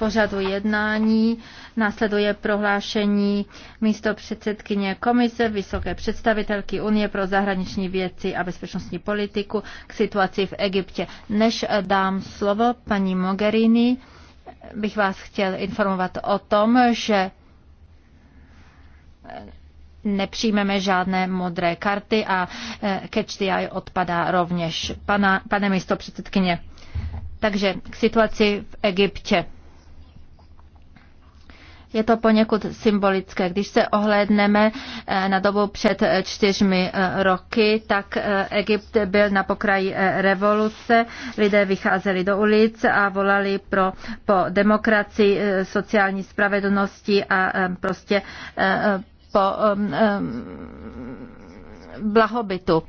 pořadu jednání. Následuje prohlášení místo předsedkyně komise Vysoké představitelky Unie pro zahraniční věci a bezpečnostní politiku k situaci v Egyptě. Než dám slovo paní Mogherini, bych vás chtěl informovat o tom, že nepřijmeme žádné modré karty a eh, catch the eye odpadá rovněž. Pana, pane místo předsedkyně, takže k situaci v Egyptě. Je to poněkud symbolické. Když se ohlédneme eh, na dobu před eh, čtyřmi eh, roky, tak Egypt byl na pokraji revoluce, lidé vycházeli do ulic a volali pro, po demokracii, sociální spravedlnosti a prostě po blahobytu.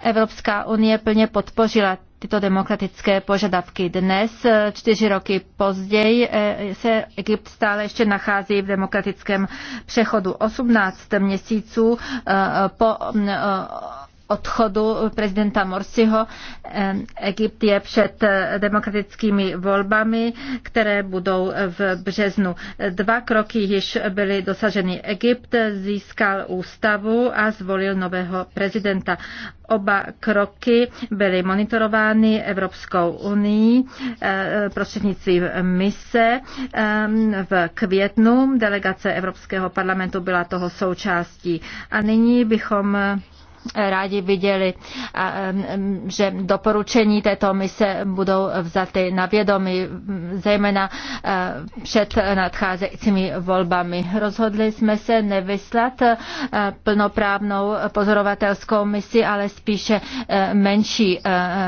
Evropská unie plně podpořila tyto demokratické požadavky. Dnes, čtyři roky později, eh, se Egypt stále ještě nachází v demokratickém přechodu. 18 měsíců eh, po mm, eh, odchodu prezidenta Morsiho. Egypt je před eh, demokratickými volbami, které budou v březnu. Dva kroky již byly dosaženy. Egypt získal ústavu a zvolil nového prezidenta. Oba kroky byly monitorovány Evropskou unii eh, prostřednictvím mise v květnu. Delegace Evropského parlamentu byla toho součástí. A nyní bychom rádi viděli, že doporučení této mise budou vzaty na vědomí, zejména e, před nadcházejícími volbami. Rozhodli jsme se nevyslat e, plnoprávnou pozorovatelskou misi, ale spíše e, menší,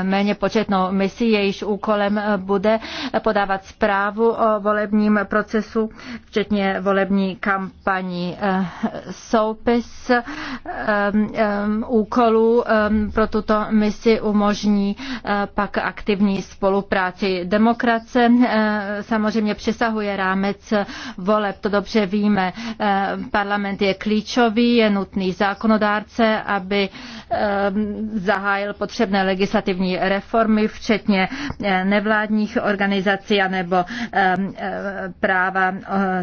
méně početnou misi, jejíž úkolem bude podávat zprávu o volebním procesu, včetně volební kampaní. Soupis úkolů pro tuto misi umožní eh, pak aktivní spolupráci. Demokrace eh, samozřejmě přesahuje rámec voleb, to dobře víme. Eh, parlament je klíčový, je nutný zákonodárce, aby zahájil potřebné legislativní reformy, včetně nevládních organizací anebo práva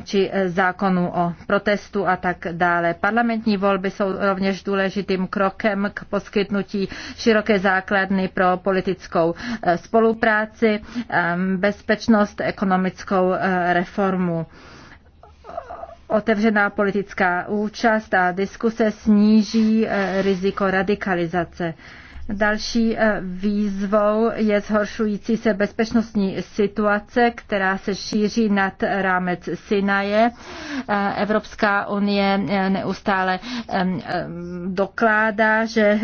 či zákonů o protestu a tak dále. Parlamentní volby jsou rovněž důležitým krokem krokem k poskytnutí široké základny pro politickou eh, spolupráci, eh, bezpečnost, ekonomickou eh, reformu otevřená politická účast a diskuse sníží riziko radikalizace. Další eh, výzvou je zhoršující se bezpečnostní situace, která se šíří nad rámec Sinaje. Eh, Evropská unie eh, neustále dokládá, že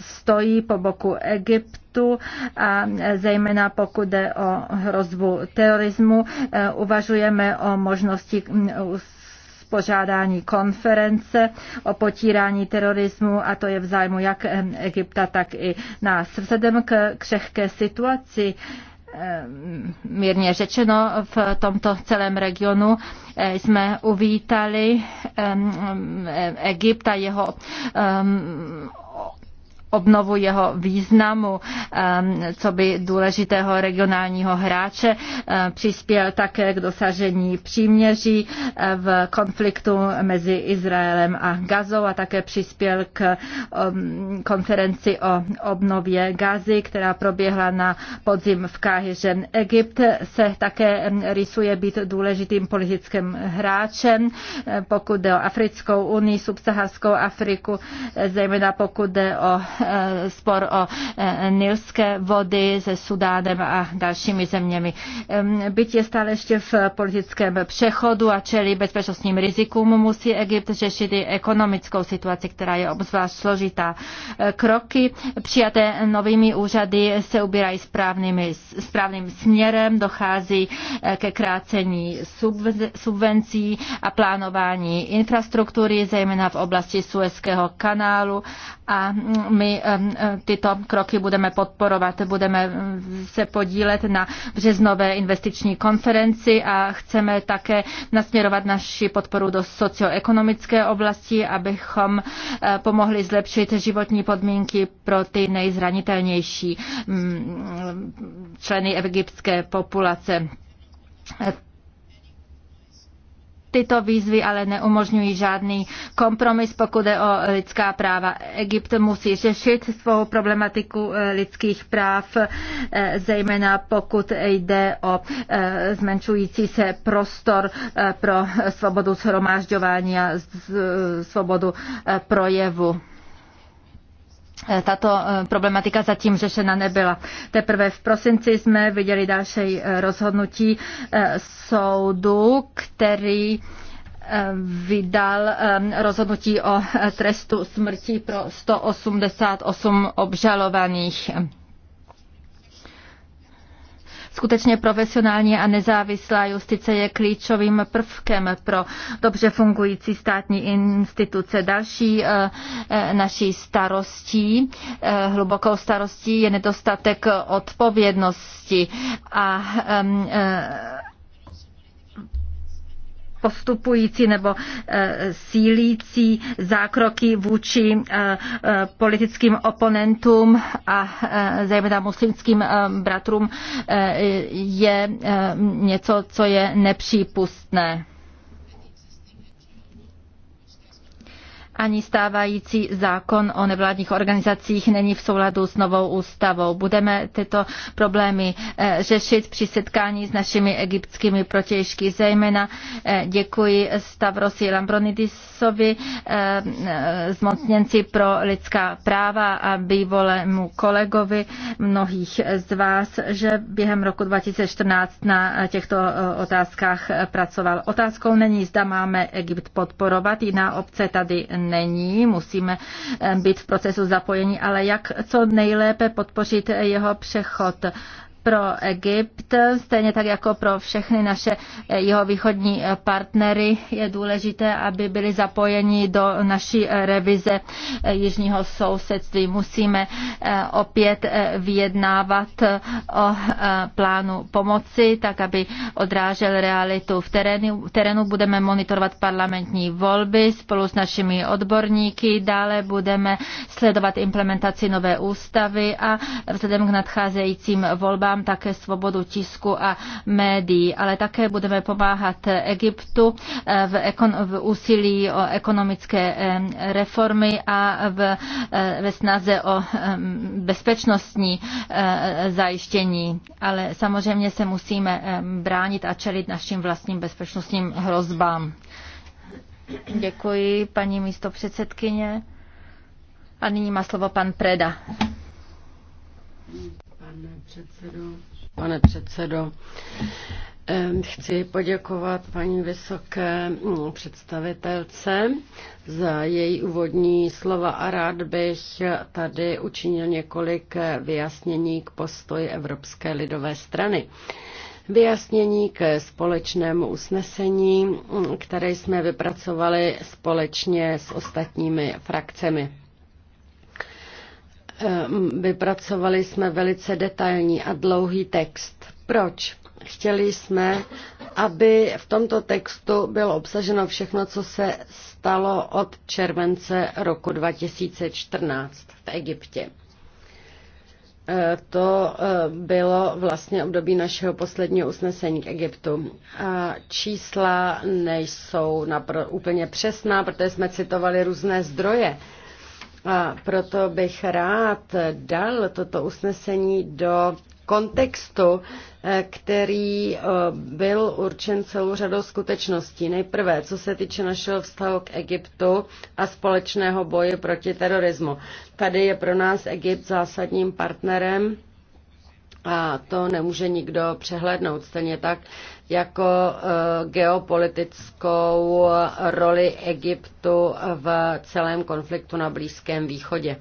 stojí po boku Egyptu a zejména pokud jde o hrozbu terorismu, uvažujeme o možnosti mm, uspořádání konference o potírání terorismu a to je v zájmu jak Egypta, tak i nás. Vzhledem k křehké situaci ehm, mírně řečeno v tomto celém regionu eh, jsme uvítali ehm, ehm, Egypt a jeho obnovu jeho významu, ehm, co by důležitého regionálního hráče ehm, přispěl také k dosažení příměří eh, v konfliktu mezi Izraelem a Gazou a také přispěl k ehm, konferenci o obnově Gazy, která proběhla na podzim v Káhyře. Egypt se také rysuje být důležitým politickým hráčem, eh, pokud jde o Africkou unii, subsaharskou Afriku, eh, zejména pokud jde o Eh, spor o eh, nilské vody se Sudánem a dalšími zeměmi. Byť je stále ještě v politickém přechodu a čelí bezpečnostním rizikům, musí Egypt řešit i ekonomickou situaci, která je obzvlášť složitá. Eh, kroky přijaté novými úřady se ubírají správnými, správným směrem, dochází ke krácení subvencí a plánování infrastruktury, zejména v oblasti Suezského kanálu a my E, tyto kroky budeme podporovat. Budeme se podílet na březnové investiční konferenci a chceme také nasměrovat naši podporu do socioekonomické oblasti, abychom pomohli zlepšit životní podmínky pro ty nejzranitelnější členy egyptské populace Tyto výzvy ale neumožňují žádný kompromis, pokud je o lidská práva. Egypt musí řešit svou problematiku eh, lidských práv, eh, zejména pokud jde o eh, zmenšující se prostor pro svobodu shromážďování a svobodu projevu. Eh, tato eh, problematika zatím řešena nebyla. Teprve v prosinci jsme viděli další eh, rozhodnutí soudu, který vydal rozhodnutí o trestu smrti pro 188 obžalovaných skutečně profesionální a nezávislá justice je klíčovým prvkem pro dobře fungující státní instituce. Další eh, eh, naší starostí, eh, hlubokou starostí je nedostatek odpovědnosti a postupující nebo eh, sílící zákroky vůči eh, eh, politickým oponentům a zejména muslimským bratrům je něco, co je nepřípustné. ani stávající zákon o nevládních organizacích není v souladu s novou ústavou. Budeme tyto problémy eh, řešit při setkání s našimi egyptskými protějšky. Zejména eh, děkuji Stavrosi Lambronidisovi, eh, zmocněnci pro lidská práva a bývolému kolegovi mnohých z vás, že během roku 2014 na těchto otázkách pracoval. Otázkou není, zda máme Egypt podporovat, jiná obce tady není, musíme eh, být v procesu zapojení, ale jak co nejlépe podpořit jeho přechod pro Egypt, stejně tak jako pro všechny naše jeho východní eh, partnery, je důležité, aby byli zapojeni do naší eh, revize eh, jižního sousedství. Musíme opět vyjednávat o plánu pomoci, tak aby odrážel realitu v terénu. V terénu budeme monitorovat parlamentní volby spolu s našimi odborníky, dále budeme sledovat implementaci nové ústavy a vzhledem k nadcházejícím volbám tam také svobodu tisku a médií, ale také budeme pomáhat Egyptu eh, v, ekon- v úsilí o ekonomické eh, reformy a v, eh, ve snaze o bezpečnostní zajištění. Ale samozřejmě se musíme bránit a čelit našim vlastním bezpečnostním hrozbám. Děkuji, paní místo předsedkyně. A nyní má slovo pan Preda. Pane předsedo, pane předsedo, chci poděkovat paní vysoké mm, představitelce za její úvodní slova a rád bych tady učinil několik vyjasnění k postoji Evropské lidové strany vyjasnění k společnému usnesení, mm, které jsme vypracovali společně s ostatními frakcemi. Ehm, vypracovali jsme velice detailní a dlouhý text. Proč? Chtěli jsme, aby v tomto textu bylo obsaženo všechno, co se stalo od července roku 2014 v Egyptě. Ehm, to ehm, bylo vlastně období našeho posledního usnesení k Egyptu. A čísla nejsou napr- úplně přesná, protože jsme citovali různé zdroje a proto bych rád dal toto usnesení do kontextu, eh, který eh, byl určen celou řadou skutečností. Nejprve, co se týče našeho vztahu k Egyptu a společného boje proti terorismu. Tady je pro nás Egypt zásadním partnerem a to nemůže nikdo přehlédnout. Stejně tak jako eh, geopolitickou roli Egyptu v celém konfliktu na Blízkém východě.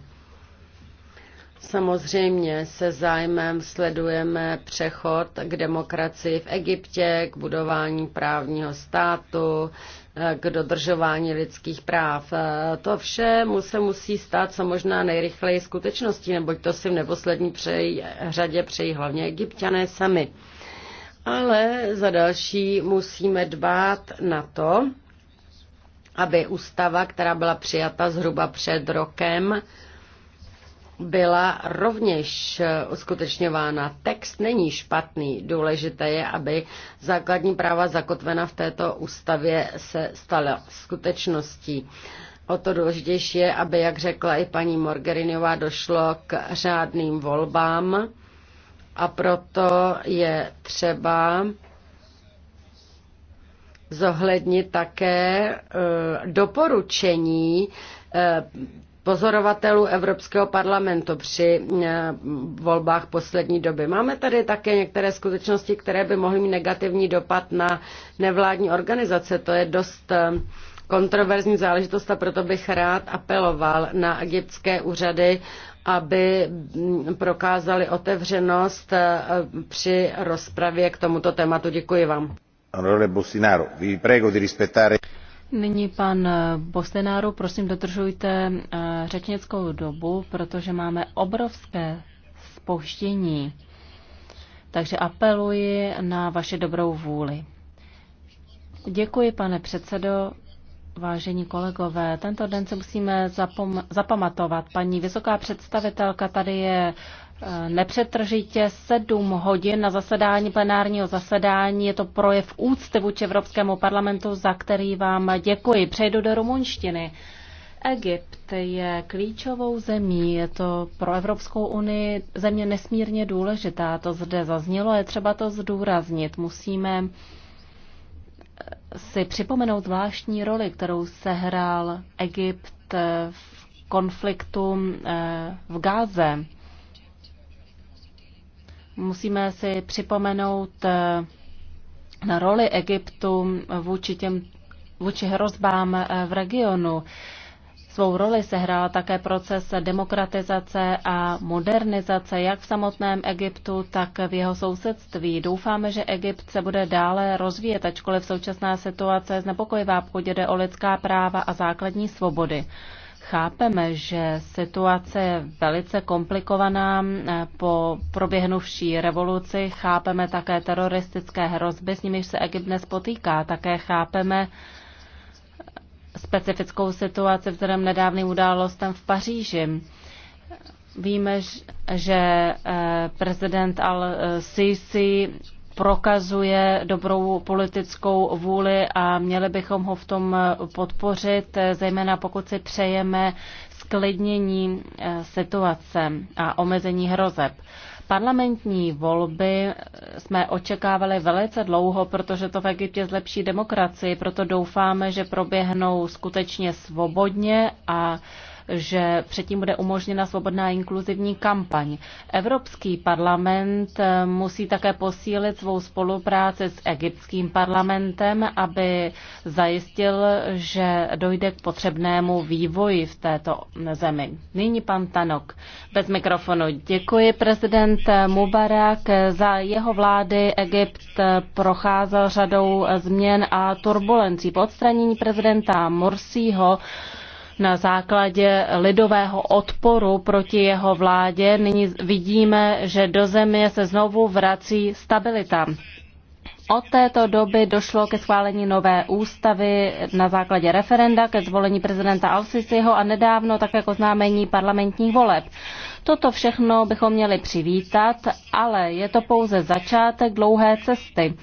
Samozřejmě se zájmem sledujeme přechod k demokracii v Egyptě, k budování právního státu, eh, k dodržování lidských práv. Eh, to vše mu se musí stát co možná nejrychleji skutečností, neboť to si v neposlední přeji, řadě přejí hlavně egyptiané sami ale za další musíme dbát na to, aby ústava, která byla přijata zhruba před rokem, byla rovněž uskutečňována. Text není špatný, důležité je, aby základní práva zakotvena v této ústavě se stala skutečností. O to důležitější je, aby, jak řekla i paní Morgeriniová, došlo k řádným volbám a proto je třeba zohlednit také eh, doporučení eh, pozorovatelů Evropského parlamentu při eh, volbách poslední doby. Máme tady také některé skutečnosti, které by mohly mít negativní dopad na nevládní organizace. To je dost kontroverzní záležitost a proto bych rád apeloval na egyptské úřady, aby mm, prokázali otevřenost eh, při rozpravě k tomuto tématu. Děkuji vám. Nyní pan eh, Bostenáru, prosím dodržujte eh, řečnickou dobu, protože máme obrovské spoždění. Takže apeluji na vaše dobrou vůli. Děkuji, pane předsedo. Vážení kolegové, tento den se musíme zapom- zapamatovat. Paní vysoká představitelka tady je e, nepřetržitě sedm hodin na zasedání plenárního zasedání. Je to projev úcty vůči Evropskému parlamentu, za který vám děkuji. Přejdu do rumunštiny. Egypt je klíčovou zemí, je to pro Evropskou unii země nesmírně důležitá, to zde zaznělo, je třeba to zdůraznit. Musíme si připomenout zvláštní roli, kterou sehrál Egypt v konfliktu eh, v Gáze. Musíme si připomenout eh, na roli Egyptu vůči, těm, vůči hrozbám eh, v regionu. Svou roli sehrál také proces demokratizace a modernizace jak v samotném Egyptu, tak v jeho sousedství. Doufáme, že Egypt se bude dále rozvíjet, ačkoliv současná situace je znepokojivá, pokud jde o lidská práva a základní svobody. Chápeme, že situace je velice komplikovaná eh, po proběhnuvší revoluci. Chápeme také teroristické hrozby, s nimiž se Egypt dnes potýká. Také chápeme, specifickou situaci vzhledem nedávným událostem v Paříži. Víme, že eh, prezident Al-Sisi prokazuje dobrou politickou vůli a měli bychom ho v tom podpořit, eh, zejména pokud si přejeme sklidnění eh, situace a omezení hrozeb. Parlamentní volby jsme očekávali velice dlouho, protože to v Egyptě zlepší demokracii, proto doufáme, že proběhnou skutečně svobodně a že předtím bude umožněna svobodná inkluzivní kampaň. Evropský parlament eh, musí také posílit svou spolupráci s egyptským parlamentem, aby zajistil, že dojde k potřebnému vývoji v této zemi. Nyní pan Tanok. Bez mikrofonu. Děkuji prezident Mubarak. Za jeho vlády Egypt procházel řadou změn a turbulencí. Po odstranění prezidenta Morsího na základě lidového odporu proti jeho vládě. Nyní vidíme, že do země se znovu vrací stabilita. Od této doby došlo ke schválení nové ústavy na základě referenda, ke zvolení prezidenta Alsisiho a nedávno také k oznámení parlamentních voleb. Toto všechno bychom měli přivítat, ale je to pouze začátek dlouhé cesty.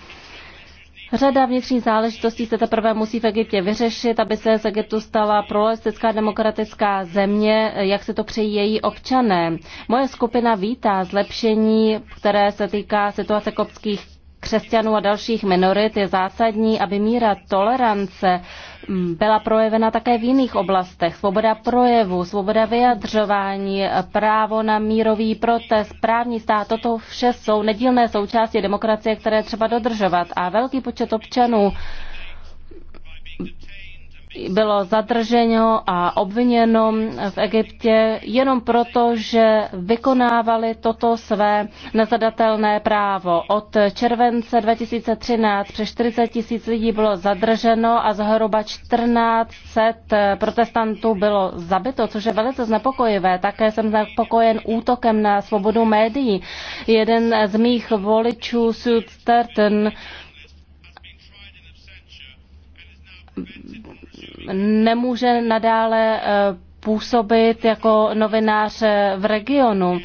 Řada vnitřních záležitostí se teprve musí v Egyptě vyřešit, aby se z Egyptu stala pluralistická demokratická země, jak se to přejí její občané. Moje skupina vítá zlepšení, které se týká situace kopských křesťanů a dalších minorit, je zásadní, aby míra tolerance mm, byla projevena také v jiných oblastech. Svoboda projevu, svoboda vyjadřování, právo na mírový protest, právní stát, toto vše jsou nedílné součásti demokracie, které třeba dodržovat. A velký počet občanů bylo zadrženo a obviněno v Egyptě jenom proto, že vykonávali toto své nezadatelné právo. Od července 2013 přes 40 tisíc lidí bylo zadrženo a zhruba 1400 protestantů bylo zabito, což je velice znepokojivé. Také jsem znepokojen útokem na svobodu médií. Jeden z mých voličů, Sud Sterton, nemůže nadále eh, působit jako novinář eh, v regionu.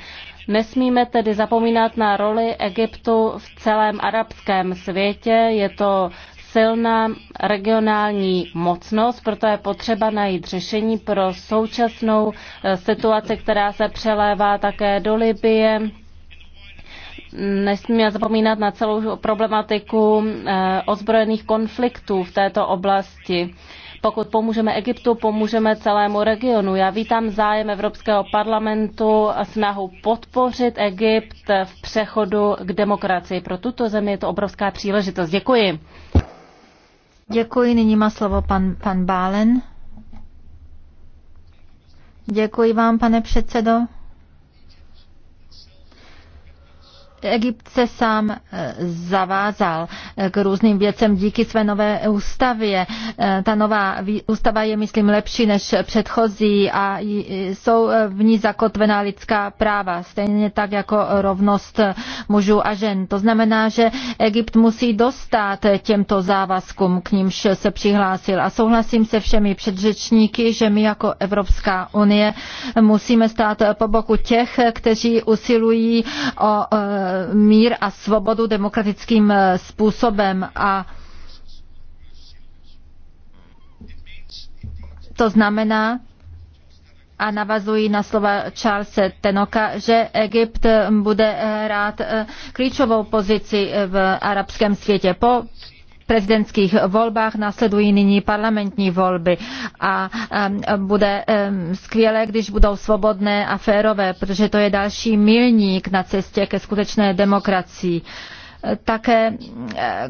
Nesmíme tedy zapomínat na roli Egyptu v celém arabském světě. Je to silná regionální mocnost, proto je potřeba najít řešení pro současnou eh, situaci, která se přelévá také do Libie. Nesmíme zapomínat na celou problematiku ozbrojených konfliktů v této oblasti. Pokud pomůžeme Egyptu, pomůžeme celému regionu. Já vítám zájem Evropského parlamentu a snahu podpořit Egypt v přechodu k demokracii. Pro tuto zemi je to obrovská příležitost. Děkuji. Děkuji. Nyní má slovo pan, pan Bálen. Děkuji vám, pane předsedo. Egypt se sám e, zavázal e, k různým věcem díky své nové ústavě. E, ta nová ústava je, myslím, lepší než předchozí a jsou v ní zakotvená lidská práva, stejně tak jako rovnost mužů a žen. To znamená, že Egypt musí dostat těmto závazkům, k nímž se přihlásil. A souhlasím se všemi předřečníky, že my jako Evropská unie musíme stát po boku těch, kteří usilují o mír a svobodu demokratickým eh, způsobem a to znamená, a navazují na slova Charlesa Tenoka, že Egypt eh, bude eh, hrát klíčovou pozici v arabském světě. Po prezidentských volbách, následují nyní parlamentní volby a bude skvělé, když budou svobodné a férové, protože to je další milník na cestě ke skutečné demokracii také eh,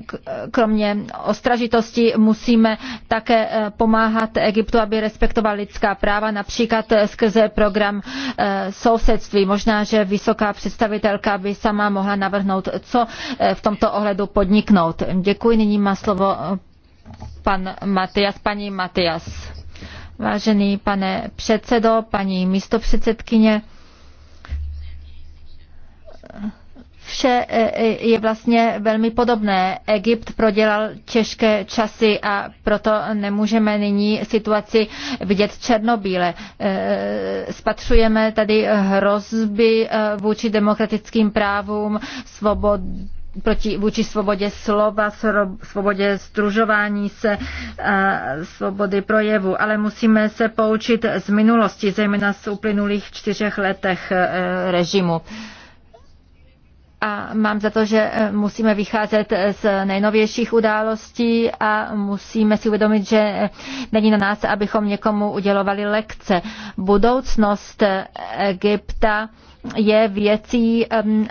kromě ostražitosti musíme také eh, pomáhat Egyptu, aby respektoval lidská práva, například eh, skrze program sousedství. Možná, že vysoká představitelka by sama mohla navrhnout, co v tomto ohledu podniknout. Děkuji, nyní má slovo pan Matias, paní Matias. Vážený pane předsedo, paní místopředsedkyně, vše eh, eh, je vlastně velmi podobné. Egypt prodělal těžké časy a proto nemůžeme nyní situaci vidět černobíle. Eh, spatřujeme tady hrozby vůči demokratickým právům, svobod, proti, vůči svobodě slova, svobodě združování se, svobody projevu. Ale musíme se poučit z minulosti, zejména z uplynulých čtyřech letech režimu a mám za to, že eh, musíme vycházet eh, z nejnovějších událostí a musíme si uvědomit, že eh, není na nás, abychom někomu udělovali lekce. Budoucnost Egypta je věcí ehm,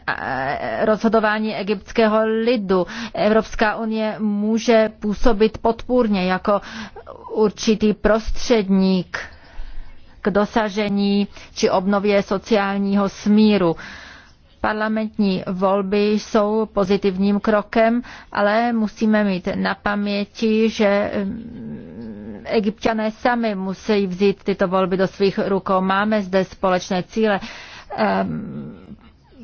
rozhodování egyptského lidu. Evropská unie může působit podpůrně jako určitý prostředník k dosažení či obnově sociálního smíru. Parlamentní volby jsou pozitivním krokem, ale musíme mít na paměti, že mm, egyptiané sami musí vzít tyto volby do svých rukou. Máme zde společné cíle ehm,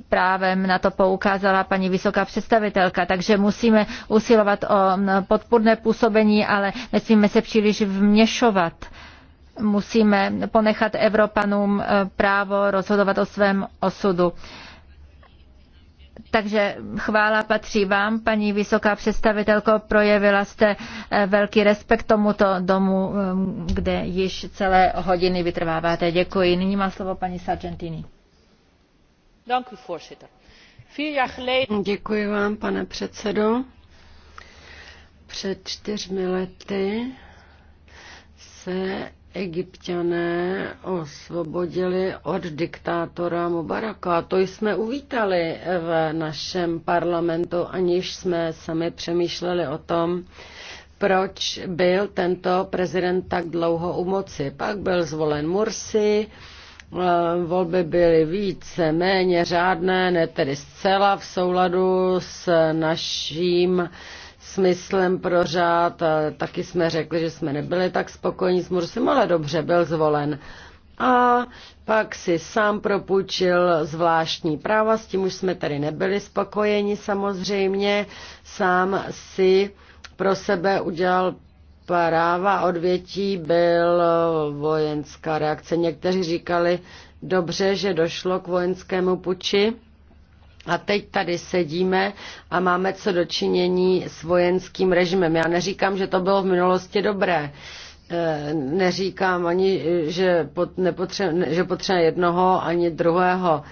právem na to poukázala paní vysoká představitelka, takže musíme usilovat o mm, podpůrné působení, ale nesmíme se příliš vměšovat. Musíme ponechat Evropanům e, právo rozhodovat o svém osudu. Takže chvála patří vám, paní vysoká představitelko, projevila jste eh, velký respekt tomuto domu, eh, kde již celé hodiny vytrváváte. Děkuji. Nyní má slovo paní Sargentini. Děkuji vám, pane předsedo. Před čtyřmi lety se Egyptiané osvobodili od diktátora Mubaraka. To jsme uvítali v našem parlamentu, aniž jsme sami přemýšleli o tom, proč byl tento prezident tak dlouho u moci. Pak byl zvolen Mursi, eh, volby byly více méně řádné, ne tedy zcela v souladu s naším smyslem pro řád. Taky jsme řekli, že jsme nebyli tak spokojení s Mursim, ale dobře, byl zvolen. A pak si sám propůjčil zvláštní práva, s tím už jsme tady nebyli spokojeni samozřejmě. Sám si pro sebe udělal práva odvětí, byl vojenská reakce. Někteří říkali, dobře, že došlo k vojenskému puči a teď tady sedíme a máme co dočinění s vojenským režimem. Já neříkám, že to bylo v minulosti dobré. E, neříkám ani, že, nepotře- že potřebuje jednoho ani druhého.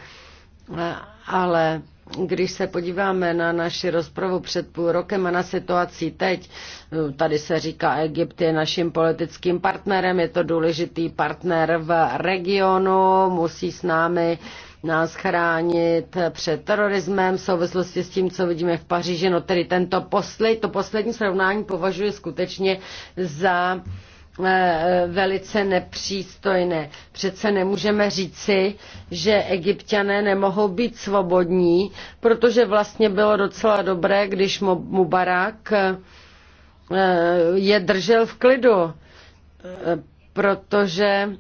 E, ale když se podíváme na naši rozpravu před půl rokem a na situaci teď, e, tady se říká, Egypt je naším politickým partnerem, je to důležitý partner v regionu, musí s námi uh, nás chránit před terorismem v souvislosti s tím, co vidíme v Paříži. No tedy tento posled, to poslední srovnání považuji skutečně za eh, velice nepřístojné. Přece nemůžeme říci, že egyptiané nemohou být svobodní, protože vlastně bylo docela dobré, když Mubarak eh, je držel v klidu, eh, protože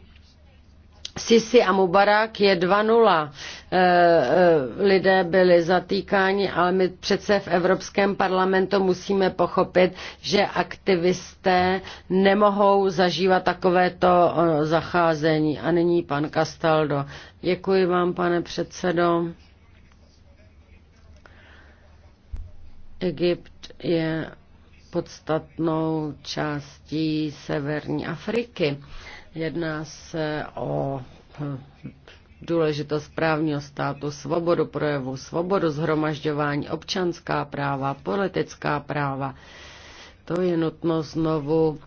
Sisi a Mubarak je 20 eh, eh, Lidé byli zatýkáni, ale my přece v Evropském parlamentu musíme pochopit, že aktivisté nemohou zažívat takovéto eh, zacházení. A nyní pan Castaldo. Děkuji vám, pane předsedo. Egypt je podstatnou částí severní Afriky. Jedná se o důležitost právního státu, svobodu projevu, svobodu zhromažďování, občanská práva, politická práva. To je nutno znovu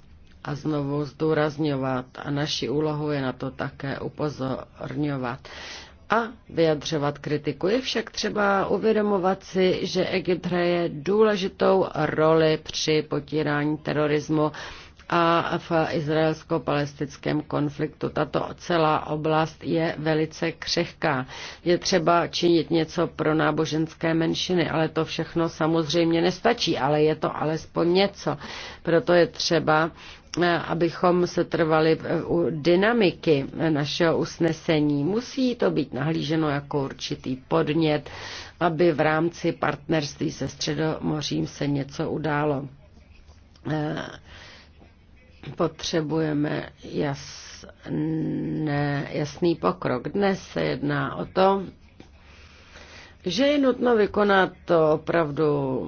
a znovu zdůrazňovat a naší úlohou je na to také upozorňovat a vyjadřovat kritiku. Je však třeba uvědomovat si, že Egypt hraje důležitou roli při potírání terorismu a v izraelsko-palestickém konfliktu. Tato celá oblast je velice křehká. Je třeba činit něco pro náboženské menšiny, ale to všechno samozřejmě nestačí, ale je to alespoň něco. Proto je třeba eh, abychom se trvali u dynamiky našeho usnesení. Musí to být nahlíženo jako určitý podnět, aby v rámci partnerství se Středomořím se něco událo eh, potřebujeme jasné, jasný pokrok. Dnes se jedná o to, že je nutno vykonat to opravdu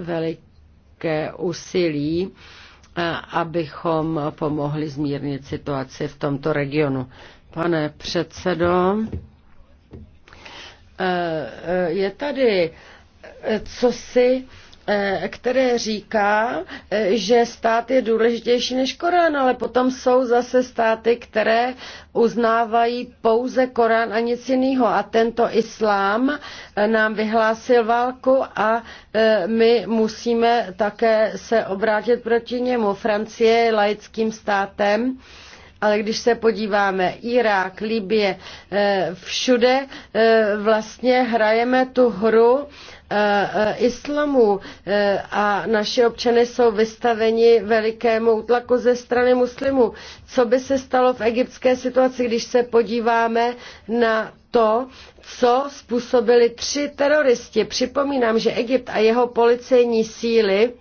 veliké úsilí, abychom pomohli zmírnit situaci v tomto regionu. Pane předsedo, e, e, je tady e, co si Eh, které říká, eh, že stát je důležitější než Korán, ale potom jsou zase státy, které uznávají pouze Korán a nic jiného. A tento islám eh, nám vyhlásil válku a my musíme také se obrátit proti němu. Francie je laickým státem. Ale když se podíváme, Irák, Libie, všude vlastně hrajeme tu hru Eh, eh, islamu eh, a naše občany jsou vystaveni velikému útlaku ze strany muslimů. Co by se stalo v egyptské situaci, když se podíváme na to, co způsobili tři teroristi. Připomínám, že Egypt a jeho policejní síly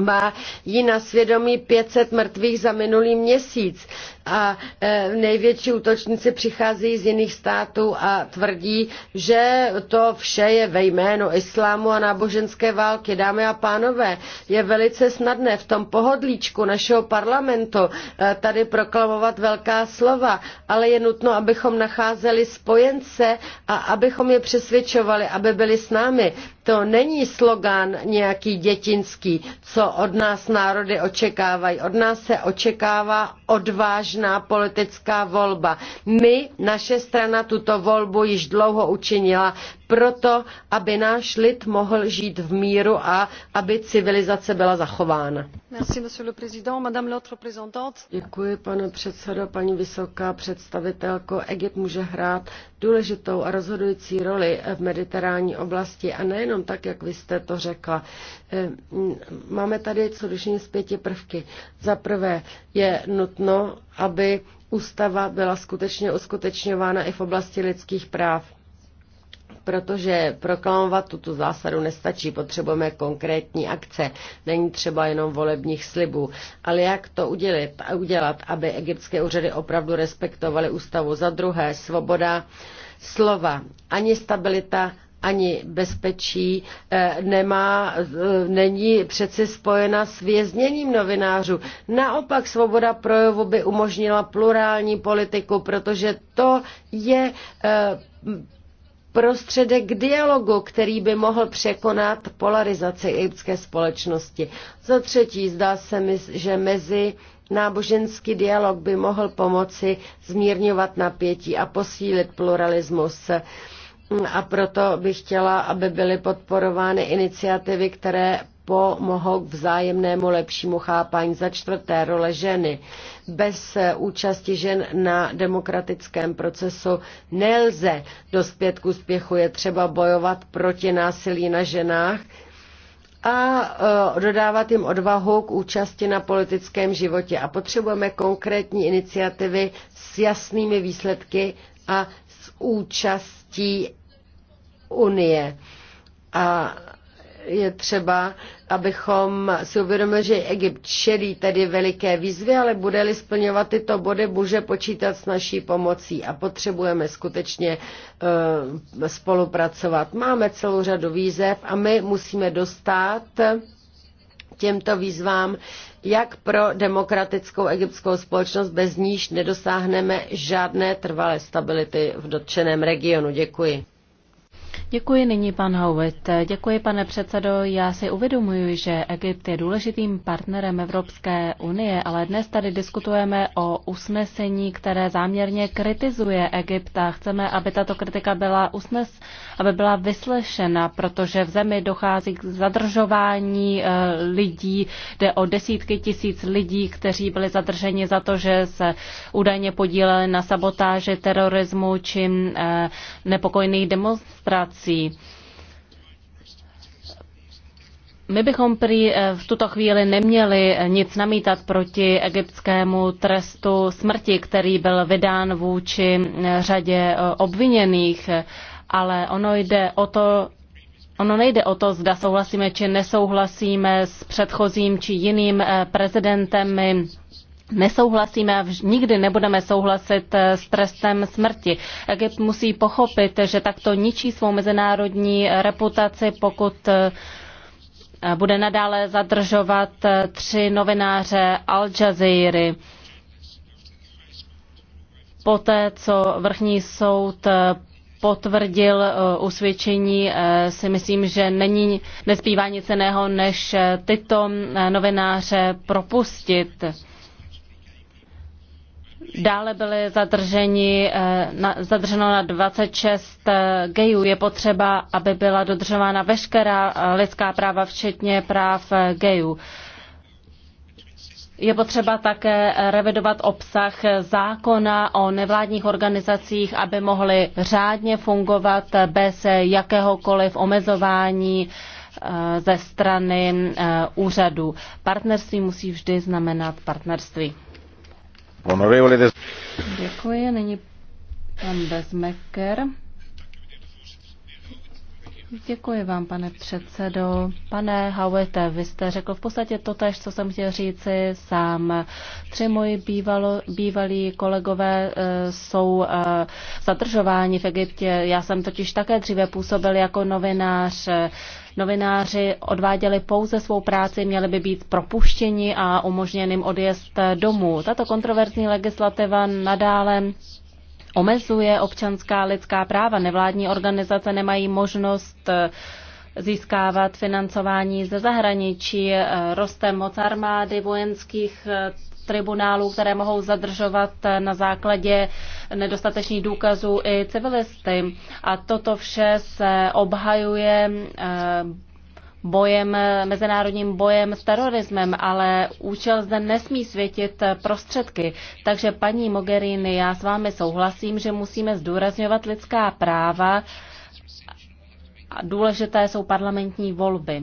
má jí na svědomí 500 mrtvých za minulý měsíc a e, největší útočníci přicházejí z jiných států a tvrdí, že to vše je ve jménu islámu a náboženské války. Dámy a pánové, je velice snadné v tom pohodlíčku našeho parlamentu e, tady proklamovat velká slova, ale je nutno, abychom nacházeli spojence a abychom je přesvědčovali, aby byli s námi. To není slogan nějaký dětinský, co od nás národy očekávají. Od nás se očekává odvážná politická volba. My, naše strana, tuto volbu již dlouho učinila proto, aby náš lid mohl žít v míru a aby civilizace byla zachována. Děkuji, pane předsedo, paní vysoká představitelko. Egypt může hrát důležitou a rozhodující roli v Mediteránní oblasti a nejenom tak, jak vy jste to řekla. Eh, máme tady co dušení z pěti prvky. Za prvé je nutno, aby ústava byla skutečně uskutečňována i v oblasti lidských práv protože proklamovat tuto zásadu nestačí, potřebujeme konkrétní akce, není třeba jenom volebních slibů. Ale jak to udělat, udělat aby egyptské úřady opravdu respektovaly ústavu? Za druhé, svoboda slova, ani stabilita, ani bezpečí eh, nemá, eh, není přeci spojena s vězněním novinářů. Naopak svoboda projevu by umožnila plurální politiku, protože to je eh, prostředek k dialogu, který by mohl překonat polarizaci egyptské společnosti. Za třetí, zdá se mi, že mezi náboženský dialog by mohl pomoci zmírňovat napětí a posílit pluralismus. A proto bych chtěla, aby byly podporovány iniciativy, které pomohou k vzájemnému lepšímu chápání. Za čtvrté, role ženy. Bez účasti žen na demokratickém procesu nelze dospět k úspěchu. Je třeba bojovat proti násilí na ženách, a e, dodávat jim odvahu k účasti na politickém životě. A potřebujeme konkrétní iniciativy s jasnými výsledky a s účastí Unie. A je třeba, abychom si uvědomili, že Egypt čelí tedy veliké výzvy, ale bude-li splňovat tyto body, může počítat s naší pomocí a potřebujeme skutečně e, spolupracovat. Máme celou řadu výzev a my musíme dostat těmto výzvám, jak pro demokratickou egyptskou společnost, bez níž nedosáhneme žádné trvalé stability v dotčeném regionu. Děkuji. Děkuji nyní, pan Howitt. Děkuji, pane předsedo. Já si uvědomuji, že Egypt je důležitým partnerem Evropské unie, ale dnes tady diskutujeme o usnesení, které záměrně kritizuje Egypt a chceme, aby tato kritika byla usnes, aby byla vyslešena, protože v zemi dochází k zadržování eh, lidí, jde o desítky tisíc lidí, kteří byli zadrženi za to, že se údajně podíleli na sabotáži terorismu či eh, nepokojných demonstrací prací. My bychom prý eh, v tuto chvíli neměli eh, nic namítat proti egyptskému trestu smrti, který byl vydán vůči eh, řadě obviněných, ale ono jde o to, Ono nejde o to, zda souhlasíme či nesouhlasíme s předchozím či jiným prezidentem. My nesouhlasíme a nikdy nebudeme souhlasit eh, s trestem smrti. Egypt musí pochopit, že takto ničí svou mezinárodní eh, reputaci, pokud eh, bude nadále zadržovat tři novináře Al Jazeera. Poté, co vrchní soud potvrdil usvědčení, si myslím, že není, nespívá nic jiného, než tyto novináře propustit. Dále byly zadrženi, eh, zadrženo na 26 eh, gejů. Je potřeba, aby byla dodržována veškerá eh, lidská práva, včetně práv gejů. Je potřeba také revidovat obsah zákona o nevládních organizacích, aby mohly řádně fungovat bez jakéhokoliv omezování ze strany úřadu. Partnerství musí vždy znamenat partnerství. Děkuji, nyní pan Bezmeker. Děkuji vám, pane předsedo. Pane Hauete, vy jste řekl v podstatě to tež, co jsem chtěl říci sám. Tři moji bývalo, bývalí kolegové e, jsou e, zadržováni v Egyptě. Já jsem totiž také dříve působil jako novinář. E, Novináři odváděli pouze svou práci, měli by být propuštěni a umožněným odjezd domů. Tato kontroverzní legislativa nadále omezuje občanská lidská práva. Nevládní organizace nemají možnost eh, získávat financování ze zahraničí, eh, roste moc armády, vojenských eh, tribunálů, které mohou zadržovat eh, na základě nedostatečných důkazů i civilisty. A toto vše se obhajuje eh, bojem, mezinárodním bojem s terorismem, ale účel zde nesmí světit eh, prostředky. Takže paní Mogherini, já s vámi souhlasím, že musíme zdůrazňovat lidská práva a důležité jsou parlamentní volby.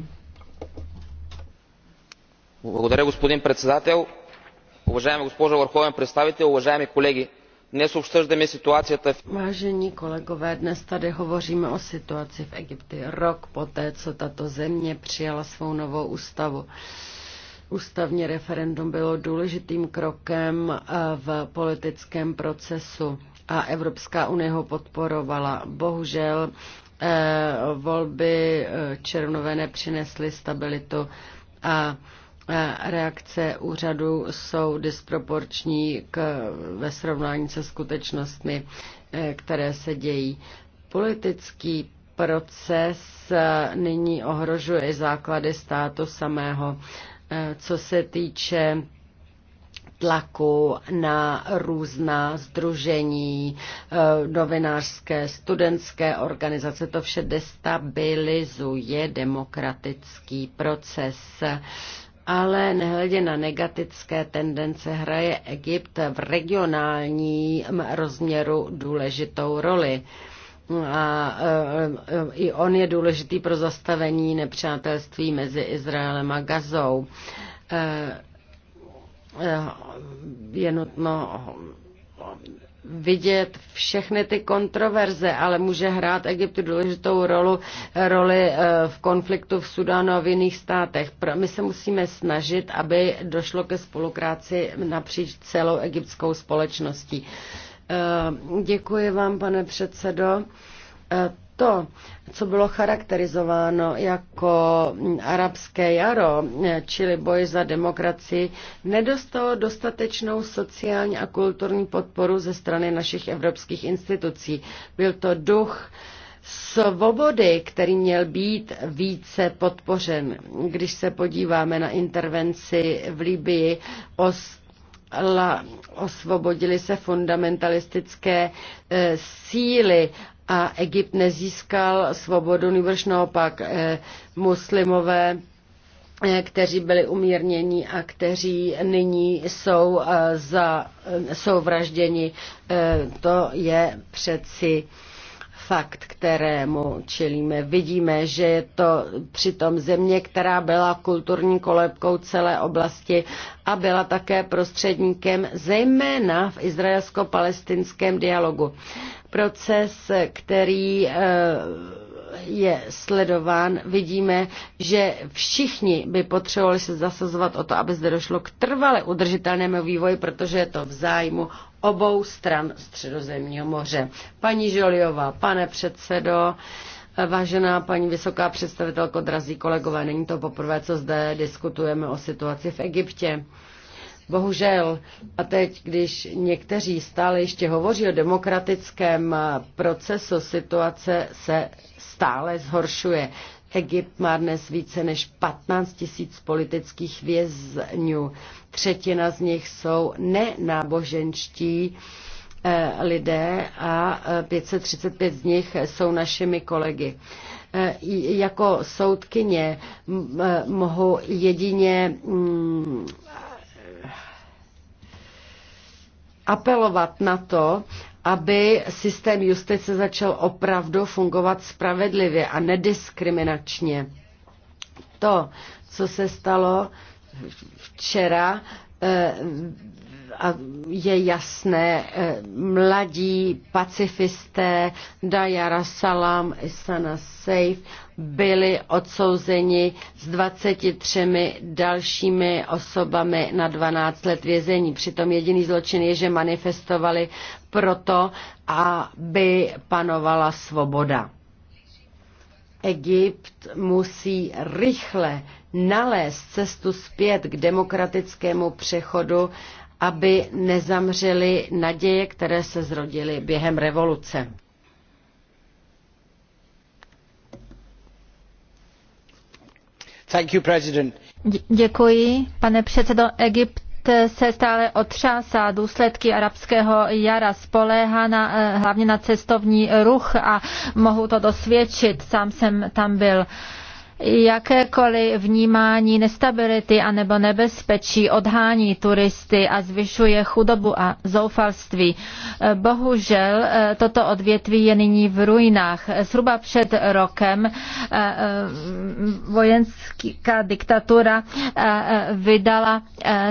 Благодаря, господин председател. Уважаема госпожо Върховен представител, уважаеми колеги, обсъждаме ситуацията в Vážení kolegové, dnes tady hovoříme o situaci v Egyptě. Rok poté, co tato země přijala svou novou ústavu. Ústavní referendum bylo důležitým krokem eh, v politickém procesu a Evropská unie ho podporovala. Bohužel eh, volby eh, červnové nepřinesly stabilitu a reakce úřadu jsou disproporční k, ve srovnání se skutečnostmi, eh, které se dějí. Politický proces eh, nyní ohrožuje základy státu samého. Eh, co se týče tlaku na různá združení, novinářské, studentské organizace. To vše destabilizuje demokratický proces ale nehledě na negatické tendence hraje Egypt v regionálním rozměru důležitou roli. A e, e, i on je důležitý pro zastavení nepřátelství mezi Izraelem a Gazou. E, je nutno vidět všechny ty kontroverze, ale může hrát Egypt důležitou rolu, roli eh, v konfliktu v Sudánu a v jiných státech. My se musíme snažit, aby došlo ke spolupráci napříč celou egyptskou společností. Eh, děkuji vám, pane předsedo. Eh, to, co bylo charakterizováno jako arabské jaro, čili boj za demokracii, nedostalo dostatečnou sociální a kulturní podporu ze strany našich evropských institucí. Byl to duch svobody, který měl být více podpořen. Když se podíváme na intervenci v Libii, osvobodili se fundamentalistické eh, síly a Egypt nezískal svobodu, nebož naopak eh, muslimové eh, kteří byli umírněni a kteří nyní jsou, eh, za, jsou vražděni. To je přeci fakt, kterému čelíme. Vidíme, že je to přitom země, která byla kulturní kolebkou celé oblasti a byla také prostředníkem zejména v izraelsko-palestinském dialogu. Proces, který eh, je sledován, vidíme, že všichni by potřebovali se zasazovat o to, aby zde došlo k trvale udržitelnému vývoji, protože je to v zájmu obou stran Středozemního moře. Paní Žoliová, pane předsedo, Vážená paní vysoká představitelko, drazí kolegové, není to poprvé, co zde diskutujeme o situaci v Egyptě. Bohužel, a teď, když někteří stále ještě hovoří o demokratickém procesu, situace se stále zhoršuje. Egypt má dnes více než 15 tisíc politických vězňů. Třetina z nich jsou nenáboženští eh, lidé a 535 eh, z nich jsou našimi kolegy. Eh, jako soudkyně mohu jedině mm, apelovat na to, aby systém justice začal opravdu fungovat spravedlivě a nediskriminačně. To, co se stalo včera, eh, a je jasné, eh, mladí pacifisté Dajara Salam, Isana safe byli odsouzeni s 23 dalšími osobami na 12 let vězení. Přitom jediný zločin je, že manifestovali proto, aby panovala svoboda. Egypt musí rychle nalézt cestu zpět k demokratickému přechodu, aby nezamřely naděje, které se zrodily během revoluce. Děkuji, pane předsedo. Egypt se stále otřásá důsledky arabského jara, spoléhá na, eh, hlavně na cestovní ruch a mohu to dosvědčit, sám jsem tam byl. Jakékoliv vnímání nestability anebo nebezpečí odhání turisty a zvyšuje chudobu a zoufalství. Bohužel eh, toto odvětví je nyní v ruinách. Zhruba před rokem eh, eh, vojenská diktatura vydala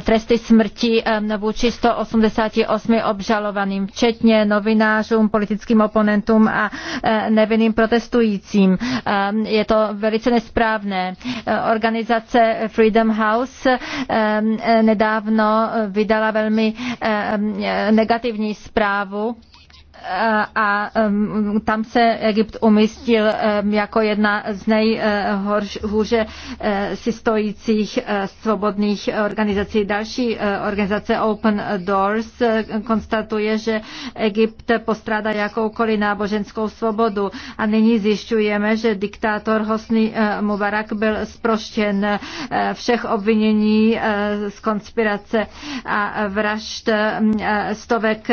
tresty smrti vůči 188 obžalovaným, včetně novinářům, politickým oponentům a nevinným protestujícím. Je to velice nespravedlivé správné. Eh, organizace Freedom House eh, eh, nedávno vydala velmi negativní zprávu Eh, a tam se Egypt umístil jako jedna z nejhůře eh, si stojících eh, svobodných organizací. Další organizace Open Doors konstatuje, že Egypt postrádá jakoukoliv náboženskou svobodu a nyní zjišťujeme, že diktátor Hosni Mubarak byl sproštěn všech obvinění z konspirace a vražd stovek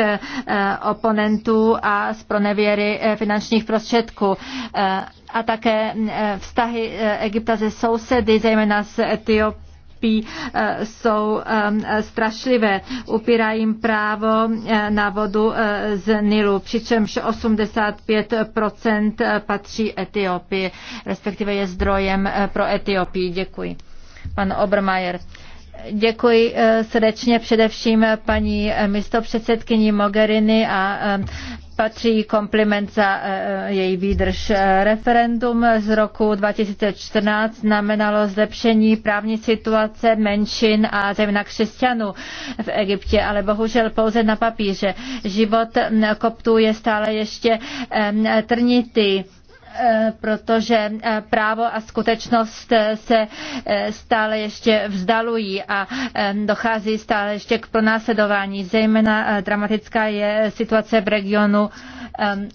oponentů a z pronevěry eh, finančních prostředků eh, a také eh, vztahy Egypta se sousedy, zejména s Etiopií jsou strašlivé. Upírá jim právo na vodu z Nilu, přičemž 85% patří Etiopii, respektive je zdrojem pro Etiopii. Děkuji. Pan Obermajer. Děkuji eh, srdečně především paní eh, místopředsedkyni Mogherini a eh, patří kompliment za její výdrž. Referendum z roku 2014 znamenalo zlepšení právní situace menšin a zejména křesťanů v Egyptě, ale bohužel pouze na papíře. Život hm, koptů je stále ještě hm, trnitý Eh, protože eh, právo a skutečnost eh, se stále ještě vzdalují a dochází stále ještě k pronásledování. Zejména dramatická je situace v regionu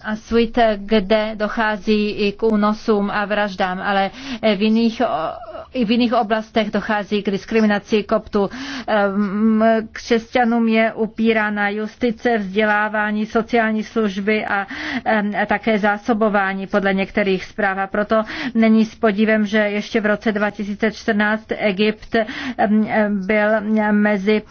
Asuit, kde dochází i k únosům a vraždám, ale v jiných, i v jiných oblastech dochází k diskriminaci koptů. Ehm, křesťanům je upírána justice, vzdělávání, sociální služby a také zásobování podle některých některých zpráv a proto není s podívem, že ještě v roce 2014 Egypt byl mezi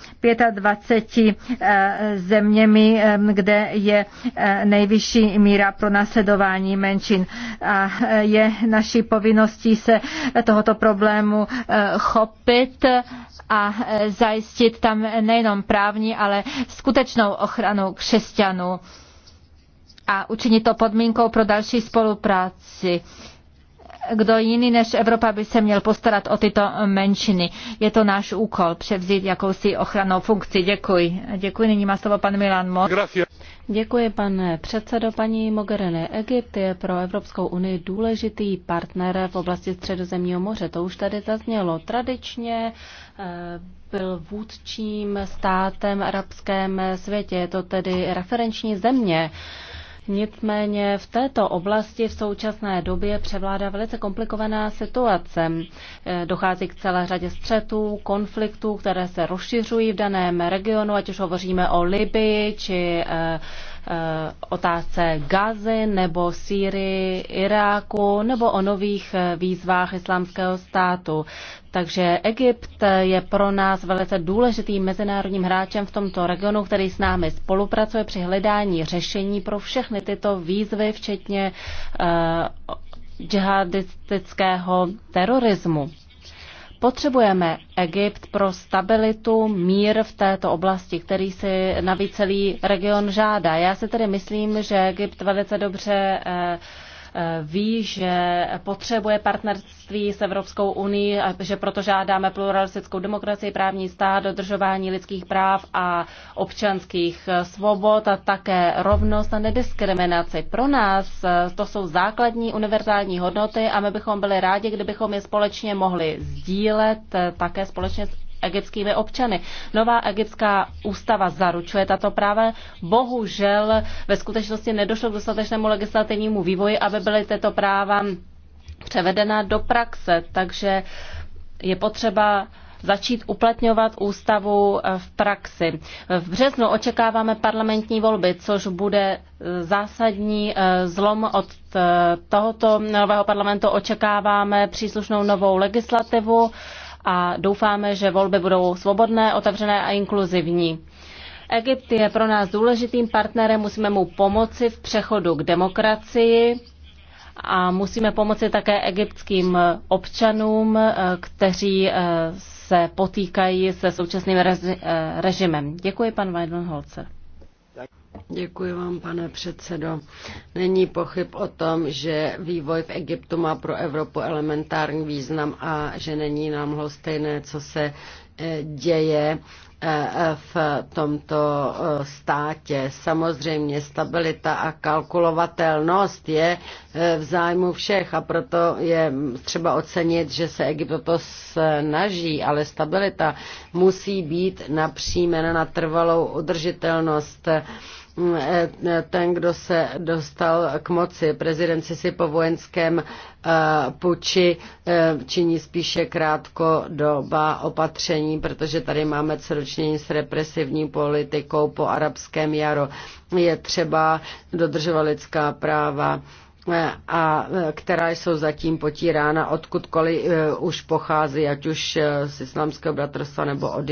25 eh, zeměmi, kde je eh, nejvyšší míra pro nasledování menšin. A eh, je naší povinností se tohoto problému chopit a zajistit tam nejenom právní, ale skutečnou ochranu křesťanů a učinit to podmínkou pro další spolupráci kdo jiný než Evropa by se měl postarat o tyto menšiny. Je to náš úkol převzít jakousi ochranou funkci. Děkuji. Děkuji. Nyní má slovo pan Milan Mo. Děkuji, pane předsedo. Paní Mogherini, Egypt je pro Evropskou unii důležitý partner v oblasti Středozemního moře. To už tady zaznělo. Tradičně eh, byl vůdčím státem arabském světě. Je to tedy referenční země Nicméně v této oblasti v současné době převládá velice komplikovaná situace. E, dochází k celé řadě střetů, konfliktů, které se rozšiřují v daném regionu, ať už hovoříme o Libii či e, e, otázce Gazy nebo Sýrii, Iráku nebo o nových výzvách islámského státu. Takže Egypt je pro nás velice důležitým mezinárodním hráčem v tomto regionu, který s námi spolupracuje při hledání řešení pro všechny tyto výzvy, včetně uh, džihadistického terorismu. Potřebujeme Egypt pro stabilitu, mír v této oblasti, který si navíc celý region žádá. Já si tedy myslím, že Egypt velice dobře uh, Eh, ví, že potřebuje partnerství s Evropskou unii, že proto žádáme pluralistickou demokracii, právní stát, dodržování lidských práv a občanských eh, svobod a také rovnost a nediskriminaci. Pro nás eh, to jsou základní univerzální hodnoty a my bychom byli rádi, kdybychom je společně mohli sdílet také společně s egyptskými občany. Nová egyptská ústava zaručuje tato práva. Bohužel ve skutečnosti nedošlo k dostatečnému legislativnímu vývoji, aby byly tyto práva převedena do praxe. Takže je potřeba začít uplatňovat ústavu v praxi. V březnu očekáváme parlamentní volby, což bude zásadní eh, zlom od eh, tohoto nového parlamentu. Očekáváme příslušnou novou legislativu a doufáme, že volby budou svobodné, otevřené a inkluzivní. Egypt je pro nás důležitým partnerem, musíme mu pomoci v přechodu k demokracii a musíme pomoci také egyptským občanům, eh, kteří eh, se potýkají se současným eh, režimem. Děkuji, pan Weidenholzer. Děkuji vám, pane předsedo. Není pochyb o tom, že vývoj v Egyptu má pro Evropu elementární význam a že není nám stejné, co se eh, děje eh, v tomto eh, státě. Samozřejmě stabilita a kalkulovatelnost je v zájmu všech a proto je třeba ocenit, že se Egypt to snaží, ale stabilita musí být napříjmena na trvalou udržitelnost ten, kdo se dostal k moci. Prezident si po vojenském eh, puči eh, činí spíše krátko doba opatření, protože tady máme celočnění s represivní politikou po arabském jaru. Je třeba dodržovat lidská práva eh, a která jsou zatím potírána odkudkoliv už pochází, ať už z islámského bratrstva nebo od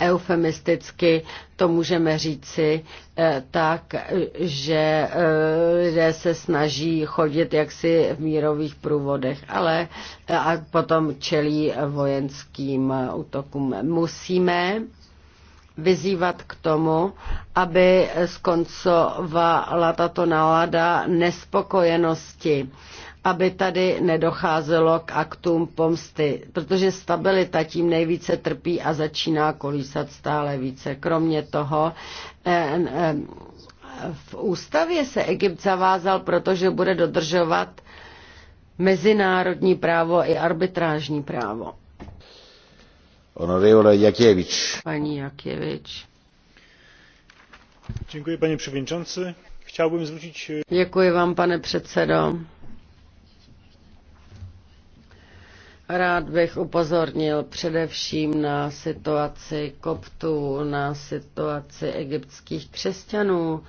eufemisticky to můžeme říci eh, tak, že eh, lidé se snaží chodit jaksi v mírových průvodech, ale eh, a potom čelí vojenským útokům. Musíme vyzývat k tomu, aby skoncovala tato nálada nespokojenosti aby tady nedocházelo k aktům pomsty, protože stabilita tím nejvíce trpí a začíná kolísat stále více. Kromě toho, eh, eh, v ústavě se Egypt zavázal, protože bude dodržovat mezinárodní právo i arbitrážní právo. Honorable Jakiewicz. Pani Jakiewicz. Děkuji, pane předsedající. Chtěl bych zvrátit... Děkuji vám, pane předsedo. Rád bych upozornil především na situaci koptů, na situaci egyptských křesťanů.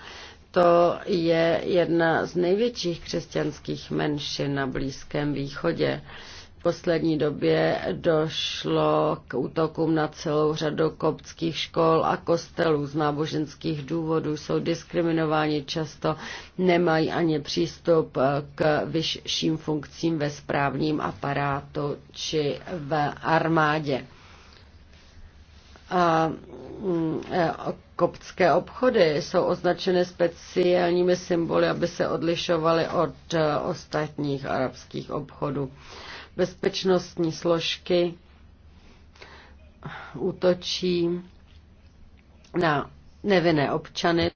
To je jedna z největších křesťanských menšin na Blízkém východě poslední době došlo k útokům na celou řadu koptských škol a kostelů z náboženských důvodů. Jsou diskriminováni často, nemají ani přístup k vyšším funkcím ve správním aparátu či v armádě. A mm, e, koptské obchody jsou označeny speciálními symboly, aby se odlišovaly od e, ostatních arabských obchodů bezpečnostní složky útočí na nevinné občany.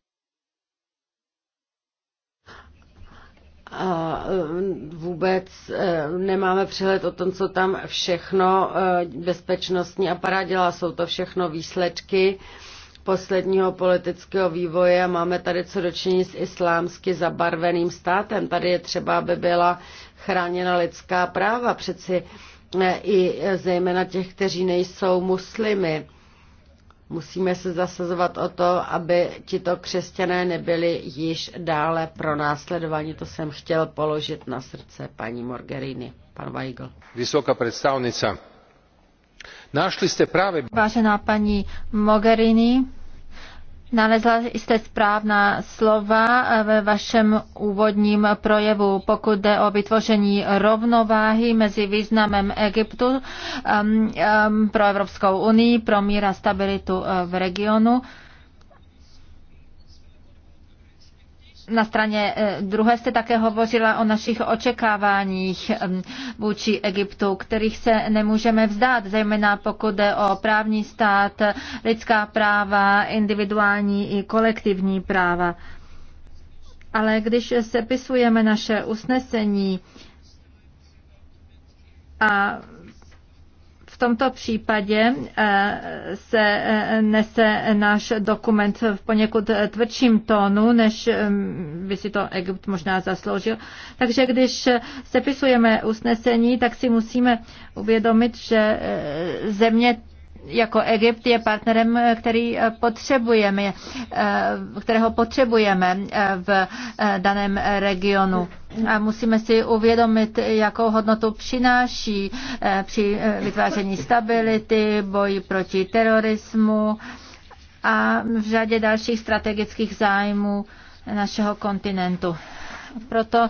A e, vůbec e, nemáme přehled o tom, co tam všechno e, bezpečnostní aparát dělá. Jsou to všechno výsledky posledního politického vývoje. Máme tady co dočinit s islámsky zabarveným státem. Tady je třeba, aby byla chráněna lidská práva přeci e, i e, zejména těch, kteří nejsou muslimy. Musíme se zasazovat o to, aby tito křesťané nebyli již dále pronásledováni. To jsem chtěl položit na srdce paní Morgerini. Pan Weigl. Vysoká představnice, Našli jste právě... Vážená paní Mogherini, Nalezla jste správná slova eh, ve vašem úvodním projevu, pokud jde o vytvoření rovnováhy mezi významem Egyptu um, um, pro Evropskou unii, pro mír a stabilitu eh, v regionu na straně eh, druhé jste také hovořila o našich očekáváních eh, vůči Egyptu, kterých se nemůžeme vzdát, zejména pokud jde o právní stát, lidská práva, individuální i kolektivní práva. Ale když sepisujeme naše usnesení a tomto případě eh, se eh, nese náš dokument v poněkud eh, tvrdším tónu, než ehm, by si to Egypt možná zasloužil. Takže když sepisujeme usnesení, tak si musíme uvědomit, že země jako Egypt je partnerem, který potřebujeme, eh, kterého potřebujeme eh, v eh, daném regionu. A musíme si uvědomit, jakou hodnotu přináší při vytváření stability, boji proti terorismu a v řadě dalších strategických zájmů našeho kontinentu. Proto